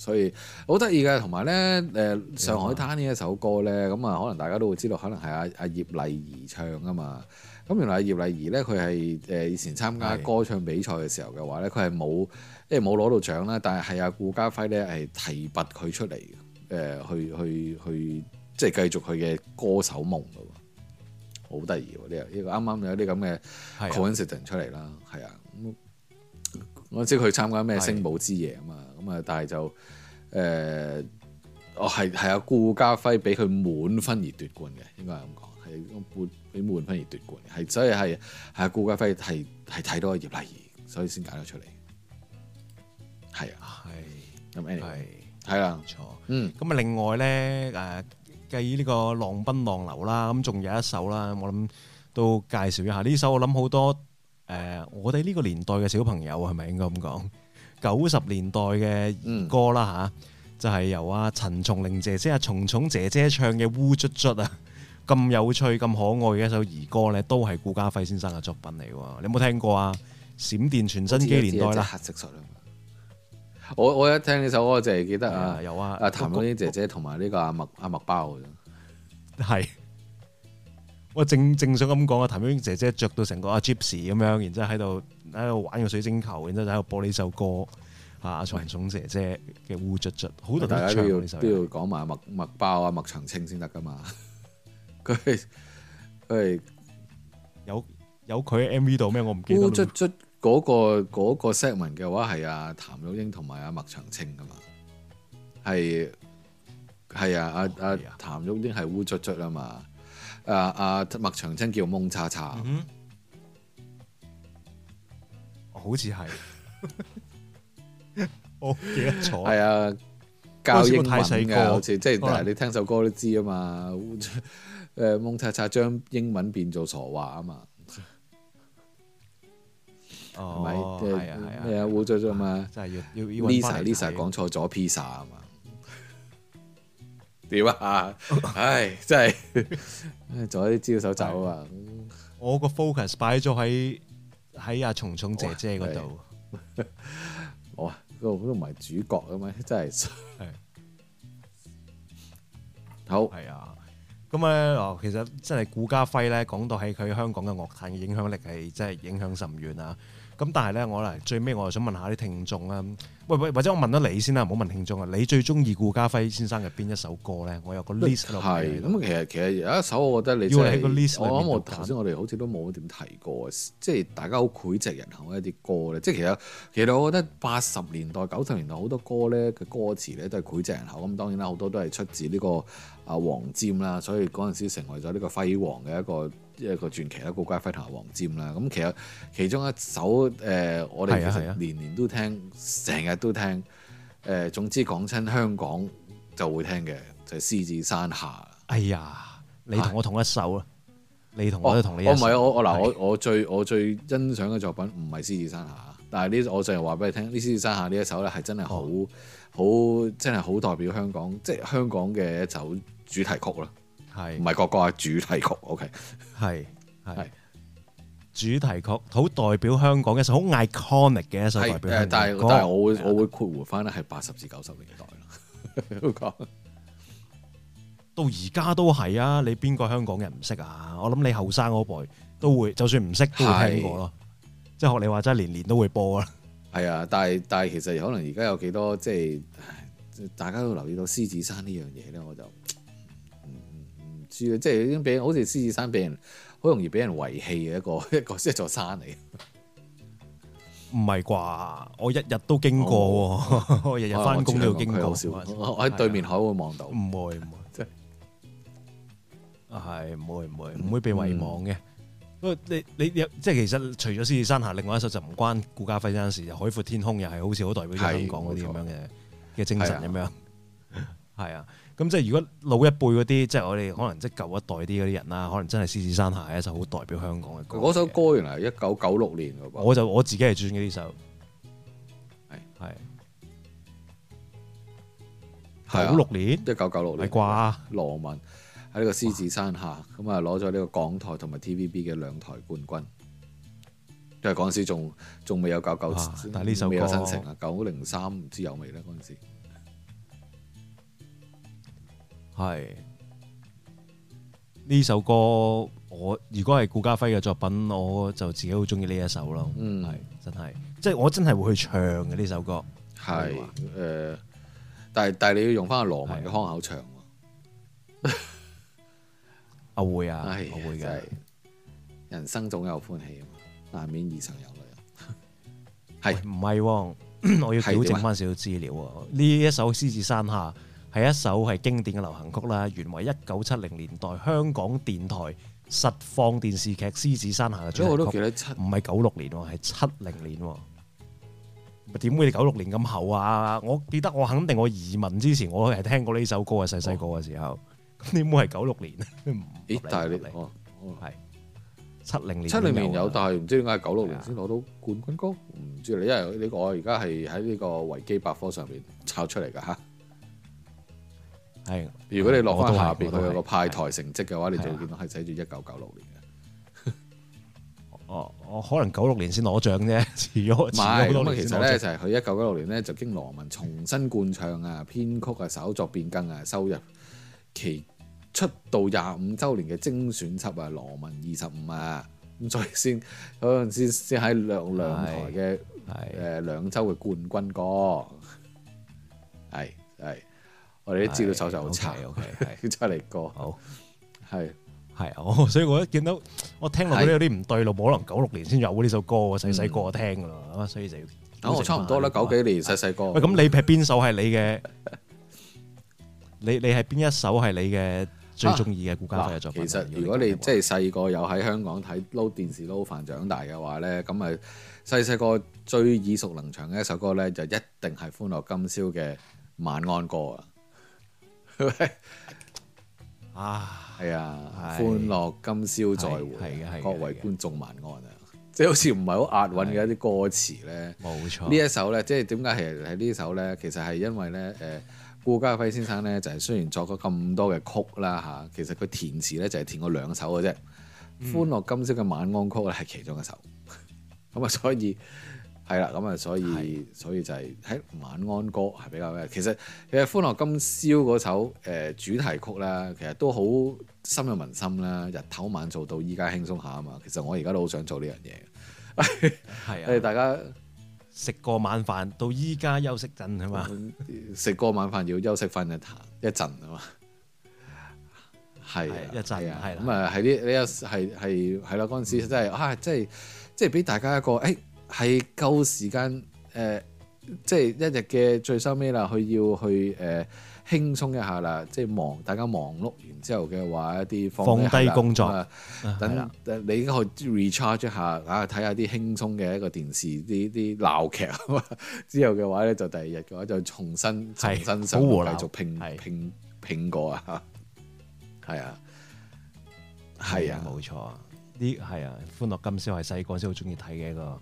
所以好得意嘅，同埋咧，誒《上海灘》呢一首歌咧，咁啊的，可能大家都會知道，可能係阿阿葉麗儀唱㗎嘛。咁原來葉麗儀咧，佢係誒以前參加歌唱比賽嘅時候嘅話咧，佢係冇即係冇攞到獎啦。但係係阿顧嘉煇咧係提拔佢出嚟，誒、呃、去去去即係繼續佢嘅歌手夢㗎。好得意喎！呢呢個啱啱有啲咁嘅 coincidence 出嚟啦。係啊的，我知佢參加咩聲寶之夜啊嘛。咁啊，但係就誒，我係係阿顧嘉輝俾佢滿分而奪冠嘅，應該係咁講，係半俾滿分而奪冠嘅，係所以係係阿顧嘉輝係係睇到葉麗儀，所以先揀咗出嚟，係啊，係咁 anyway，係啦，唔錯，嗯。咁啊，另外咧誒，繼呢個浪奔浪流啦，咁仲有一首啦，我諗都介紹一下呢首我、呃，我諗好多誒，我哋呢個年代嘅小朋友係咪應該咁講？九十年代嘅兒歌啦吓，就係由阿陳松伶姐姐、阿蟲蟲姐姐唱嘅《烏卒卒》啊，咁有趣、咁可愛嘅一首兒歌咧，都係顧嘉煇先生嘅作品嚟。你有冇聽過啊？《閃電傳真機》年代啦。我我一聽呢首歌，就係記得啊，有啊，阿譚詠麟姐姐同埋呢個阿麥阿麥包。係，我正正想咁講啊，譚詠麟姐姐着到成個阿吉士咁樣，然之後喺度。喺度玩個水晶球，然之後喺度播呢首歌，啊，陳松伶姐姐嘅《烏卒卒》好多人都唱呢、啊、首歌講，都要講埋麥麥包啊，麥長青先得噶嘛。佢佢係有有佢喺 M V 度咩？我唔記得。烏卒卒嗰個嗰個 segment 嘅話係阿譚玉英同埋阿麥長青噶嘛？係係啊，阿阿譚玉英係烏卒卒》啊嘛，阿阿麥長青叫蒙查，查查。Mm hmm. 好似係，我記得錯係啊，教英文嘅好似，即係你聽首歌都知啊嘛。誒，蒙查查將英文變做傻話嘛啊嘛。哦，係 [LAUGHS] 啊，咩啊，污糟糟嘛，Lisa，Lisa 講錯咗 pizza 啊嘛。點啊？唉，真係做、嗯、 [LAUGHS] [LAUGHS] 一啲招手走是啊。我個 focus 擺咗喺。喺阿松松姐姐嗰度，我啊，嗰度、 [LAUGHS] 哦、都唔係主角啊嘛，真係的好係啊，咁咧哦，其實真係顧家輝顧嘉煇咧，講到喺佢香港嘅樂壇嘅影響力係真係影響甚遠啊！咁但係咧，我嚟最尾，我又想問下啲聽眾啊。或者我問咗你先啦，唔好問慶鐘啊！你最中意顧嘉煇先生嘅邊一首歌咧？我有個 list 落嚟。咁其實其實有一首我覺得你、就是、要嚟喺 list 我諗我頭先我哋好似都冇點提過，即係、嗯、大家好膾炙人口一啲歌咧。即係其實其實我覺得八十年代、九十年代好多歌咧嘅歌詞咧都係膾炙人口。咁當然啦，好多都係出自呢個阿黃霑啦，所以嗰陣時成為咗呢個輝煌嘅一個。一個傳奇一個，顧嘉煇同埋黃霑啦，咁其實其中一首誒、呃，我哋其實年年都聽，成日、啊、都聽，誒、呃、總之講親香港就會聽嘅，就係、是《獅子山下》。哎呀，你同我同一首啊？是你同我係同一首、哦，我唔係我是我嗱我我最我最欣賞嘅作品唔係《獅子山下》，但係呢我就係話俾你聽，《獅子山下》呢一首咧係真係好、嗯、好，真係好代表香港，即、就、係、是、香港嘅一首主題曲啦。係唔係個個係主題曲？OK，係係主題曲，好、okay. 是代表香港嘅一首好 iconic 嘅一首。係 ic，但係歌但係我會、啊、我會括弧翻咧，係八十至九十年代啦。 [LAUGHS] 到而家都係啊！你邊個香港人唔識啊？我諗你後生嗰輩都會，就算唔識都會聽過咯。即係學你話齋，即係年年都會播啊。係啊，但係但係其實可能而家有幾多即係、就是，大家都留意到獅子山呢樣嘢咧，我就。即係已經俾好似獅子山俾人好容易俾人遺棄嘅一個一個一座山嚟，唔係啩？我日日都經過，我日日翻工，都要經過。我喺對面海會望到，唔會唔會，即係唔會唔會，唔會被遺忘嘅。不過你你即係其實除咗獅子山下，另外一首就唔關顧嘉煇嗰陣時，海闊天空又係好似好代表香港嗰啲咁樣嘅嘅精神咁樣，係啊。咁即係如果老一輩嗰啲，即係我哋可能即係舊一代啲嗰啲人啦，可能真係《獅子山下》咧就好代表香港嘅歌。嗰首歌原嚟係一九九六年嘅，我就我自己係轉嗰呢首。係係九六年，一九九六年啩？羅文喺呢個《獅子山下》咁啊，攞咗呢個港台同埋 TVB 嘅兩台冠軍。因係嗰陣時仲仲未有九九，但係呢首歌未有新城啊，九零三唔知有未咧陣時。係呢首歌，我如果係顧嘉煇嘅作品，我就自己好中意呢一首咯。係、嗯、真係，即係我真係會去唱嘅呢首歌。係誒、呃，但係但係你要用翻阿羅文嘅腔口唱。啊會啊，我會嘅。人生總有歡喜啊，難免亦常有淚啊。係唔係？我要糾正翻少少資料啊。呢一首《獅子山下》。係一首係經典嘅流行曲啦，原為一九七零年代香港電台實況電視劇《獅子山下》嘅主題曲。唔係九六年喎，係七零年。點會你九六年咁後啊？我記得我肯定我移民之前，我係聽過呢首歌嘅，細細個嘅時候。咁點會係九六年？咦？但係你係七零年，七零年有，但係唔知點解九六年先攞到冠軍歌。唔知你，因為呢個我而家係喺呢個維基百科上面抄出嚟㗎吓。係，如果你落翻下邊佢有個派台成績嘅話，你就會見到係寫住一九九六年嘅的。哦， [LAUGHS] 我可能九六年先攞獎啫，遲咗，是其實咧了就係佢一九九六年咧就經羅文重新灌唱啊、編曲啊、稍作變更啊，收入其出道廿五周年嘅精選輯啊，羅文二十五啊，咁所以先嗰陣先先喺兩兩台嘅誒兩周嘅冠軍歌，係係的。的我哋啲資料搜集好差，OK？差你歌好係係我，所以我一見到我聽落都有啲唔對路，可能九六年先有呢首歌，細細個聽噶啦，所以就咁我差唔多啦，九幾年細細個喂，咁你劈邊首係你嘅？你你係邊一首係你嘅最中意嘅顧嘉煇嘅作品？其實如果你即係細個有喺香港睇撈電視撈飯長大嘅話咧，咁啊細細個最耳熟能詳嘅一首歌咧，就一定係《歡樂今宵》嘅晚安歌啊！係 [LAUGHS] 啊，哎、歡樂今宵再會，是各位觀眾晚安啊！的即係好似唔係好押韻嘅一啲歌詞呢，冇錯、哎。呢一首呢，即係點解？其實呢首呢？其實係因為呢，誒，顧嘉煇先生呢，就係雖然作過咁多嘅曲啦吓，其實佢填詞呢，就係填過兩首嘅啫，《歡樂今宵》嘅晚安曲係其中一首，咁 [LAUGHS] 啊所以。係啦，咁啊，所以所以就係喺晚安歌係比較咩？其實其實《歡樂今宵》嗰首誒主題曲咧，其實都好深入民心啦。日頭晚做到依家輕鬆下啊嘛，其實我而家都好想做呢樣嘢。係啊，大家食個晚飯到依家休息陣係嘛？食個晚飯要休息翻陣一陣係嘛？係一陣啊，咁啊喺啲你有係係係啦，嗰陣時真係啊，即係即係俾大家一個誒。係夠時間誒，即係一日嘅最收尾啦，佢要去誒輕鬆一下啦，即係忙大家忙碌完之後嘅話，一啲放低工作，等你應該去 recharge 一下啊，睇下啲輕鬆嘅一個電視，啲啲鬧劇之後嘅話咧，就第二日嘅話就重新重新受繼續拼拼拼過啊，係啊、係啊，係啊，冇錯啊，呢係啊，歡樂今宵係細個先好中意睇嘅一個。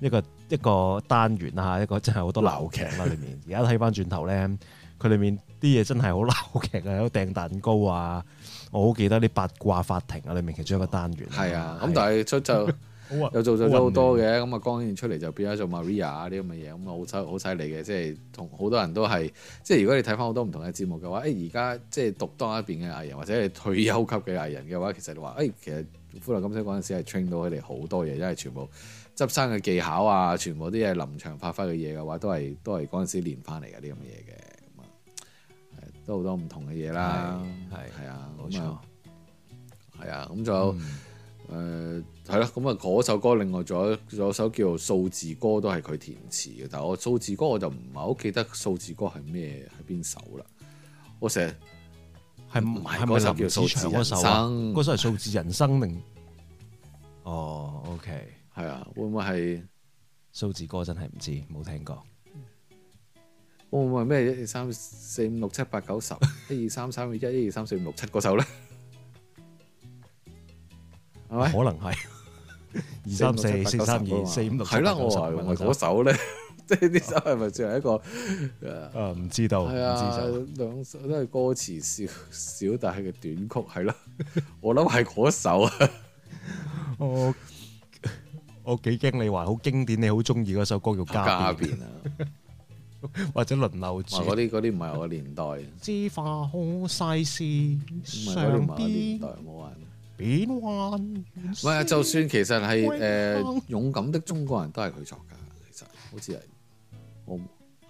一個一個單元啊，一個真係好多鬧劇啦！裏 [LAUGHS] 面而家睇翻轉頭咧，佢裏面啲嘢真係好鬧劇啊！有掟蛋糕啊，我好記得啲八卦法庭啊，裏面其中一個單元。係 [LAUGHS] 啊，咁但係出就 [LAUGHS] 又做咗 [LAUGHS] 好多嘅命，咁啊剛剛出嚟就變咗做 Maria 呢啲咁嘅嘢，咁啊好犀好犀利嘅，即係同好多人都係即係如果你睇翻好多唔同嘅節目嘅話，誒而家即係獨當一面嘅藝人，或者係退休級嘅藝人嘅話，其實你話誒、哎，其實《歡樂今宵》嗰陣時係 train 到佢哋好多嘢，因為全部。執生嘅技巧啊，全部啲嘢臨場發揮嘅嘢嘅話，都係都係嗰陣時練翻嚟嘅啲咁嘅嘢嘅，咁啊，都好多唔同嘅嘢啦，係係啊，冇錯，係、嗯呃、啊，咁就誒係咯，咁啊嗰首歌，另外仲有有首，首，是首叫做數字歌，都係佢填詞嘅，但係我數字歌我就唔係好記得數字歌係咩係邊首啦、啊，我成日係唔係嗰首叫數字人生？嗰首係數字人生命》oh。哦，OK。係啊，會唔會係數字歌真係唔知，冇聽過。會唔會咩一二三四五六七八九十一二三三一一二三四五六七嗰首咧？係咪？可能係二三四四三二四五六。係 [LAUGHS] 啦能、 [LAUGHS] 啊，我話嗰首咧，即係呢首係咪算係一個誒？唔、啊、知道。係知啊，兩首都係歌詞少少，但係嘅短曲係咯。 [LAUGHS] [LAUGHS] 我諗係嗰首啊。哦。我幾驚你話好經典，你好中意嗰首歌叫《家變》家啊， [LAUGHS] 或者輪流傳嗰啲，嗰啲唔係我年代。知否好世事常變，變幻。唔係啊，就算其實係誒、呃、勇敢的中國人都係佢作㗎，其實好似係我。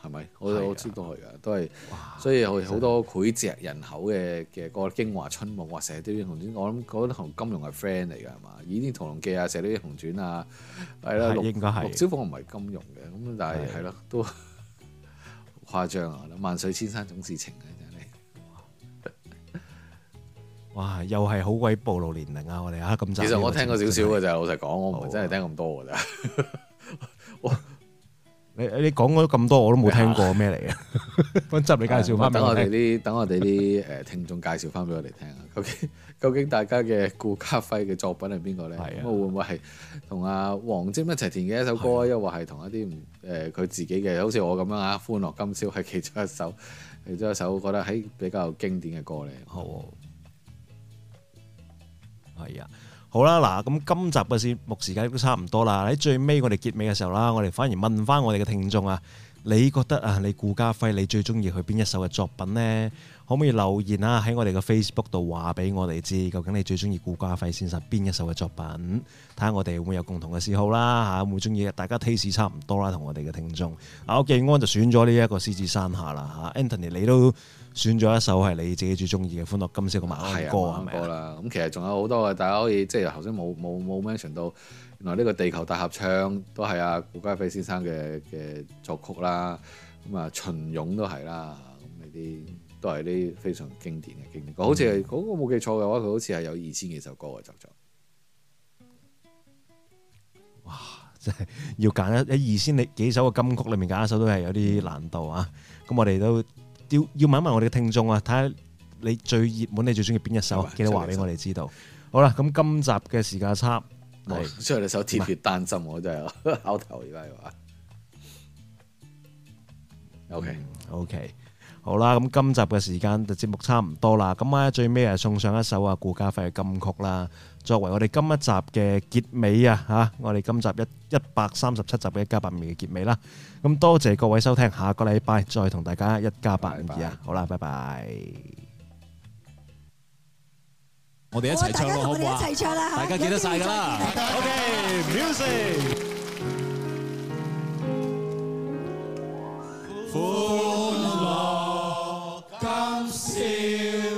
係咪？我、啊、我知道係噶，都係。哇所以佢好多膾炙人口嘅嘅、那個京華春夢，話寫《射雕英雄傳》。我諗嗰啲同金庸係 friend 嚟㗎，係嘛？《倚天屠龍記》啊，《射雕英雄傳》啊，係啦。應該係。陸小鳳唔係金庸嘅，咁但係係咯，都誇張啊！萬水千山總是情啊，真係。哇！ [LAUGHS] 又係好鬼暴露年齡啊！我哋嚇咁其實我聽過少少嘅就啫、是，老實講，我唔係真係聽咁多㗎啫。好啊 [LAUGHS] 你你講咗咁多我都冇聽過咩嚟啊？我執 [LAUGHS] 你介紹翻，等我哋啲等我哋啲誒聽眾介紹翻俾我哋聽啊！ [LAUGHS] 究竟究竟大家嘅顧嘉煇嘅作品係邊個咧？啊、會唔會係同阿黃霑一齊填嘅一首歌，又或係同一啲唔誒佢自己嘅，好似我咁樣啊，《歡樂今宵》係其中一首，其中一首覺得係比較經典嘅歌嚟。好、哦，係啊。好啦，嗱咁今集嘅節目時間都差唔多啦。喺最尾我哋結尾嘅時候啦，我哋反而問翻我哋嘅聽眾啊，你覺得啊，你顧嘉煇你最中意佢邊一首嘅作品咧？可唔可以留言啊？喺我哋嘅 Facebook 度話俾我哋知，究竟你最中意顧嘉煇先生邊一首嘅作品？睇下我哋會唔會有共同嘅嗜好啦。嚇，會唔會中意？大家 taste 差唔多啦，同我哋嘅聽眾。啊，謝安就選咗呢一個《獅子山下》啦。嚇，Anthony 你都。選咗一首係你自己最中意嘅《歡樂今宵歌》嘅慢、啊、歌啦，咁、嗯、其實仲有好多嘅，大家可以即係頭先冇冇冇 mention 到，原來呢個《地球大合唱》都係啊，顧嘉煇先生嘅嘅作曲啦，咁啊《秦勇都係啦，咁呢啲都係啲非常經典嘅經典歌，好似係嗰個冇記錯嘅話，佢好似係有二千幾首歌嘅作作，哇！真係要揀一啲二千幾首嘅金曲裏面揀一首都係有啲難度啊！咁我哋都～要要問一問我哋嘅聽眾啊，睇下你最熱門、你最鍾意邊一首，吧記得話俾我哋知道。吧好啦，咁今集嘅時間差，雖然、哦、是你首《鐵血丹心》，我真係開頭而家又話。O K O K，好啦，咁今集嘅時間就節目差唔多啦，咁啊最尾啊送上一首啊顧嘉煇嘅金曲啦。作為我哋今一集嘅結尾啊，吓我哋今集一一百三十七集嘅一加八五二嘅結尾啦。咁多謝各位收聽，下個禮拜再同大家一加八五二啊。好啦，拜拜。我哋一齊唱，我哋一齊唱個好啊！大家記得晒㗎啦。OK，music。歡樂今宵。